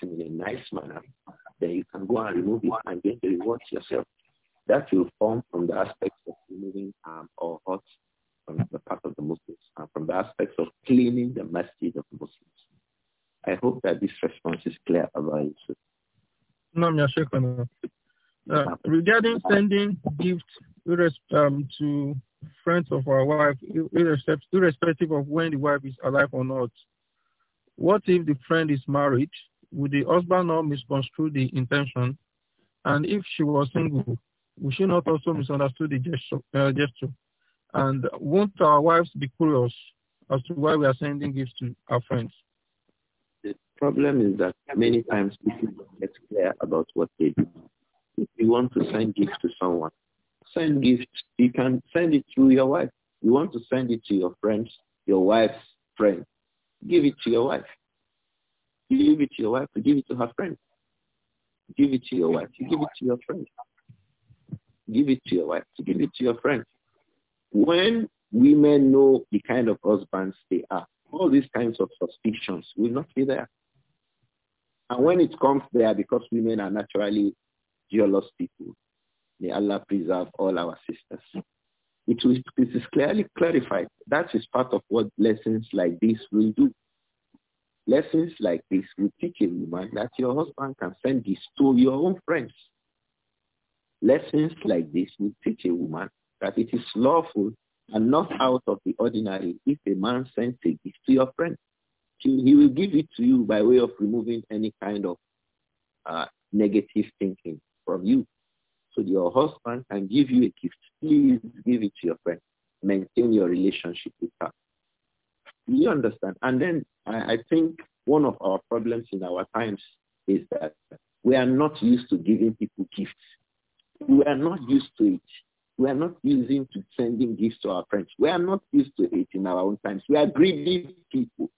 in a nice manner, then you can go and remove it and get the rewards yourself. That will form from the aspects of removing um, or hot from the part of the Muslims and from the aspects of cleaning the masjid of Muslims. I hope that this response is clear about it. Uh, regarding sending gifts um, to friends of our wife, irrespective of when the wife is alive or not, what if the friend is married? Would the husband not misconstrue the intention? And if she was single, would she not also misunderstand the gesture? Uh, gesture? And won't our wives be curious as to why we are sending gifts to our friends? The problem is that many times people don't get clear about what they do. If you want to send gifts to someone, send gifts. You can send it to your wife. You want to send it to your friends, your wife's friend. Give it to your wife. Give it to your wife. Give it to her friend. Give it to your wife. Give it to your friend. Give it to your wife. Give it to your friend. When women know the kind of husbands they are, all these kinds of suspicions will not be there. And when it comes there, because women are naturally lost people. May Allah preserve all our sisters. it is clearly clarified. That is part of what lessons like this will do. Lessons like this will teach a woman that your husband can send this to your own friends. Lessons like this will teach a woman that it is lawful and not out of the ordinary if a man sends a gift to your friend. He will give it to you by way of removing any kind of uh, negative thinking from you. So your husband can give you a gift. Please give it to your friend. Maintain your relationship with her. You understand? And then I, I think one of our problems in our times is that we are not used to giving people gifts. We are not used to it. We are not using to sending gifts to our friends. We are not used to it in our own times. We are greedy people.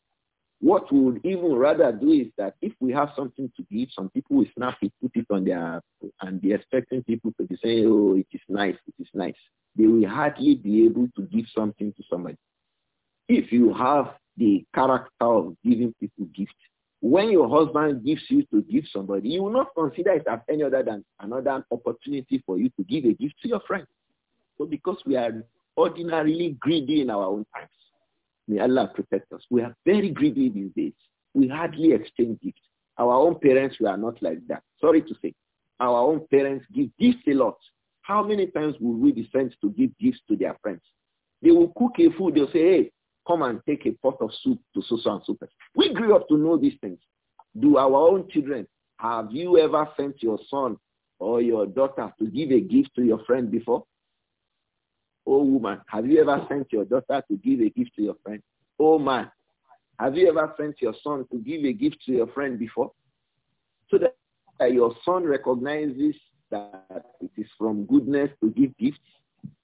What we would even rather do is that if we have something to give, some people will snap it, put it on their and be expecting people to be saying, oh, it is nice, it is nice. They will hardly be able to give something to somebody. If you have the character of giving people gifts, when your husband gives you to give somebody, you will not consider it as any other than another opportunity for you to give a gift to your friend. So, because we are ordinarily greedy in our own times, May Allah protect us. We are very greedy these days. We hardly exchange gifts. Our own parents we are not like that. Sorry to say. Our own parents give gifts a lot. How many times will we be sent to give gifts to their friends? They will cook a food. They'll say, hey, come and take a pot of soup to so and so We grew up to know these things. Do our own children, have you ever sent your son or your daughter to give a gift to your friend before? Oh woman, have you ever sent your daughter to give a gift to your friend? Oh man, have you ever sent your son to give a gift to your friend before? So that your son recognizes that it is from goodness to give gifts.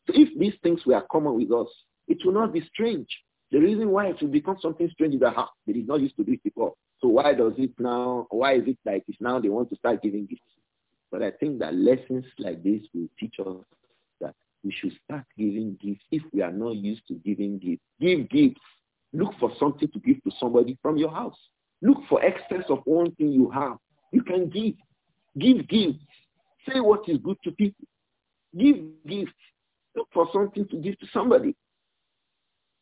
So if these things were common with us, it will not be strange. The reason why it will become something strange is that ah, they did not used to do it before. So why does it now, why is it like it's now they want to start giving gifts? But I think that lessons like this will teach us we should start giving gifts if we are not used to giving gifts. Give gifts. Look for something to give to somebody from your house. Look for excess of one thing you have. You can give. Give gifts. Say what is good to people. Give gifts. Look for something to give to somebody.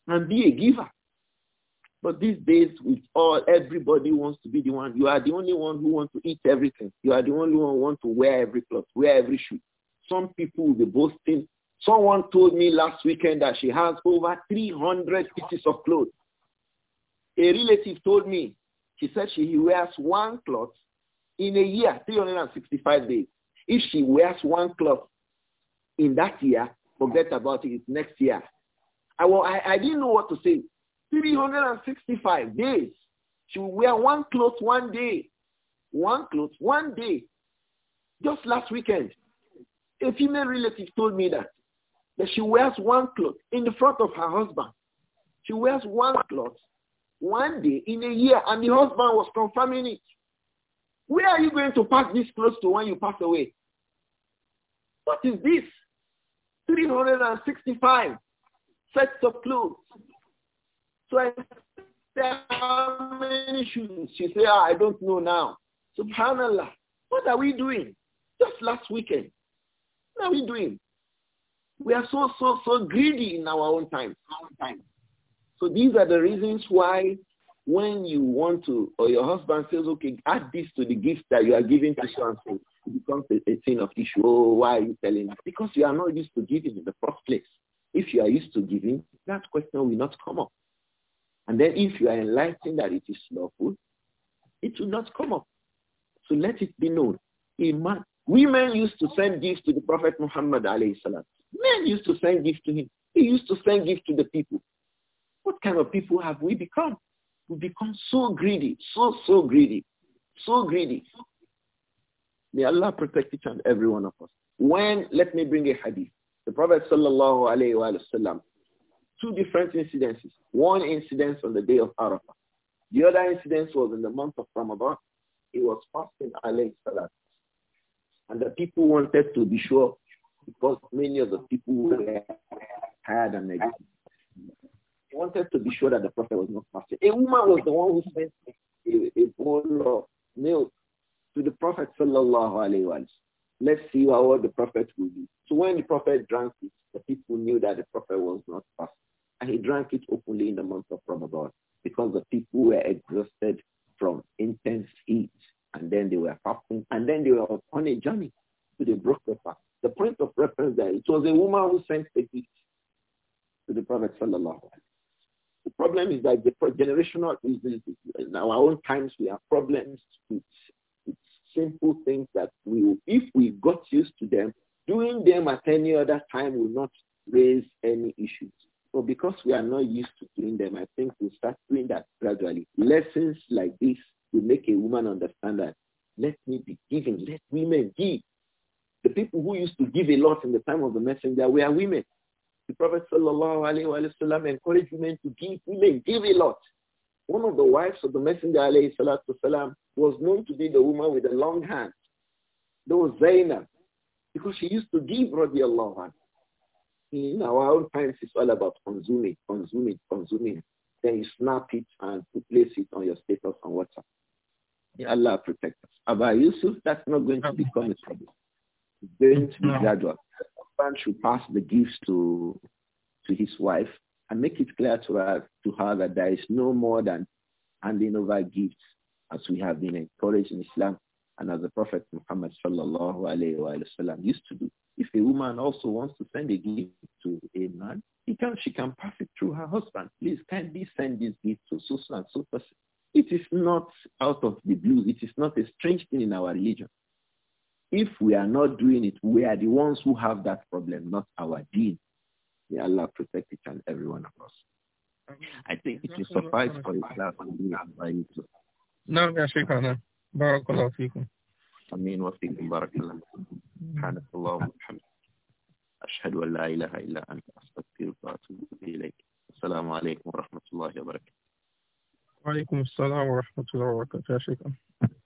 And be a giver. But these days, with all, everybody wants to be the one. You are the only one who wants to eat everything. You are the only one who wants to wear every cloth, wear every shoe. Some people will be boasting Someone told me last weekend that she has over 300 pieces of clothes. A relative told me, she said she wears one cloth in a year, 365 days. If she wears one cloth in that year, forget about it, next year. I, well, I, I didn't know what to say. 365 days. She will wear one cloth one day. One cloth one day. Just last weekend. A female relative told me that that she wears one cloth in the front of her husband. She wears one cloth one day in a year, and the husband was confirming it. Where are you going to pass this clothes to when you pass away? What is this? 365 sets of clothes. So I said, how many shoes? She said, ah, I don't know now. SubhanAllah. What are we doing? Just last weekend. What are we doing? We are so, so, so greedy in our own time. So these are the reasons why when you want to, or your husband says, okay, add this to the gift that you are giving to someone, it becomes a, a thing of issue. Oh, why are you telling us? Because you are not used to giving in the first place. If you are used to giving, that question will not come up. And then if you are enlightened that it is lawful, it will not come up. So let it be known. Women used to send gifts to the Prophet Muhammad alayhi salam. Men used to send gifts to him. He used to send gifts to the people. What kind of people have we become? We become so greedy, so, so greedy, so greedy. May Allah protect each and every one of us. When, let me bring a hadith. The Prophet sallallahu alayhi wa sallam, two different incidences. One incident on the day of Arafah. The other incident was in the month of Ramadan. He was fasting alayhi salat. And the people wanted to be sure because many of the people were tired and exhausted. He wanted to be sure that the prophet was not fasting. A woman was the one who sent a, a bowl of milk to the prophet sallallahu alaihi wasallam. Let's see how the prophet will do. So when the prophet drank it, the people knew that the prophet was not fasting. And he drank it openly in the month of Ramadan because the people were exhausted from intense heat and then they were fasting and then they were on a journey. So they broke the fast. The point of reference there, it was a woman who sent a gift to the Prophet sallallahu The problem is that the generational is in our own times we have problems with, with simple things that we, if we got used to them, doing them at any other time will not raise any issues. But because we are not used to doing them, I think we will start doing that gradually. Lessons like this will make a woman understand that let me be given, let women give. The people who used to give a lot in the time of the messenger were women. The Prophet wasallam encouraged women to give women, give a lot. One of the wives of the messenger wasallam was known to be the woman with the long hand. That was Zainab. Because she used to give radiallahu anhu. In our own times, it's all about consuming, consuming, consuming. Then you snap it and you place it on your status on WhatsApp. May Allah protect us. About Yusuf, that's not going to become a problem going to be gradual. A man should pass the gifts to to his wife and make it clear to her, to her that there is no more than handing over gifts as we have been encouraged in Islam and as the Prophet Muhammad sallallahu alayhi wa sallam used to do. If a woman also wants to send a gift to a man, he can, she can pass it through her husband. Please kindly send this gift to so and so person. It is not out of the blue. It is not a strange thing in our religion if we are not doing it, we are the ones who have that problem, not our dean. May Allah protect each and everyone of us. I think it is suffice for Islam and Barakallahu feekum. Ameen wa Barakallahu feekum. أشهد أن لا إله إلا أنت أستغفرك وأتوب إليك السلام عليكم ورحمة الله وبركاته وعليكم السلام ورحمة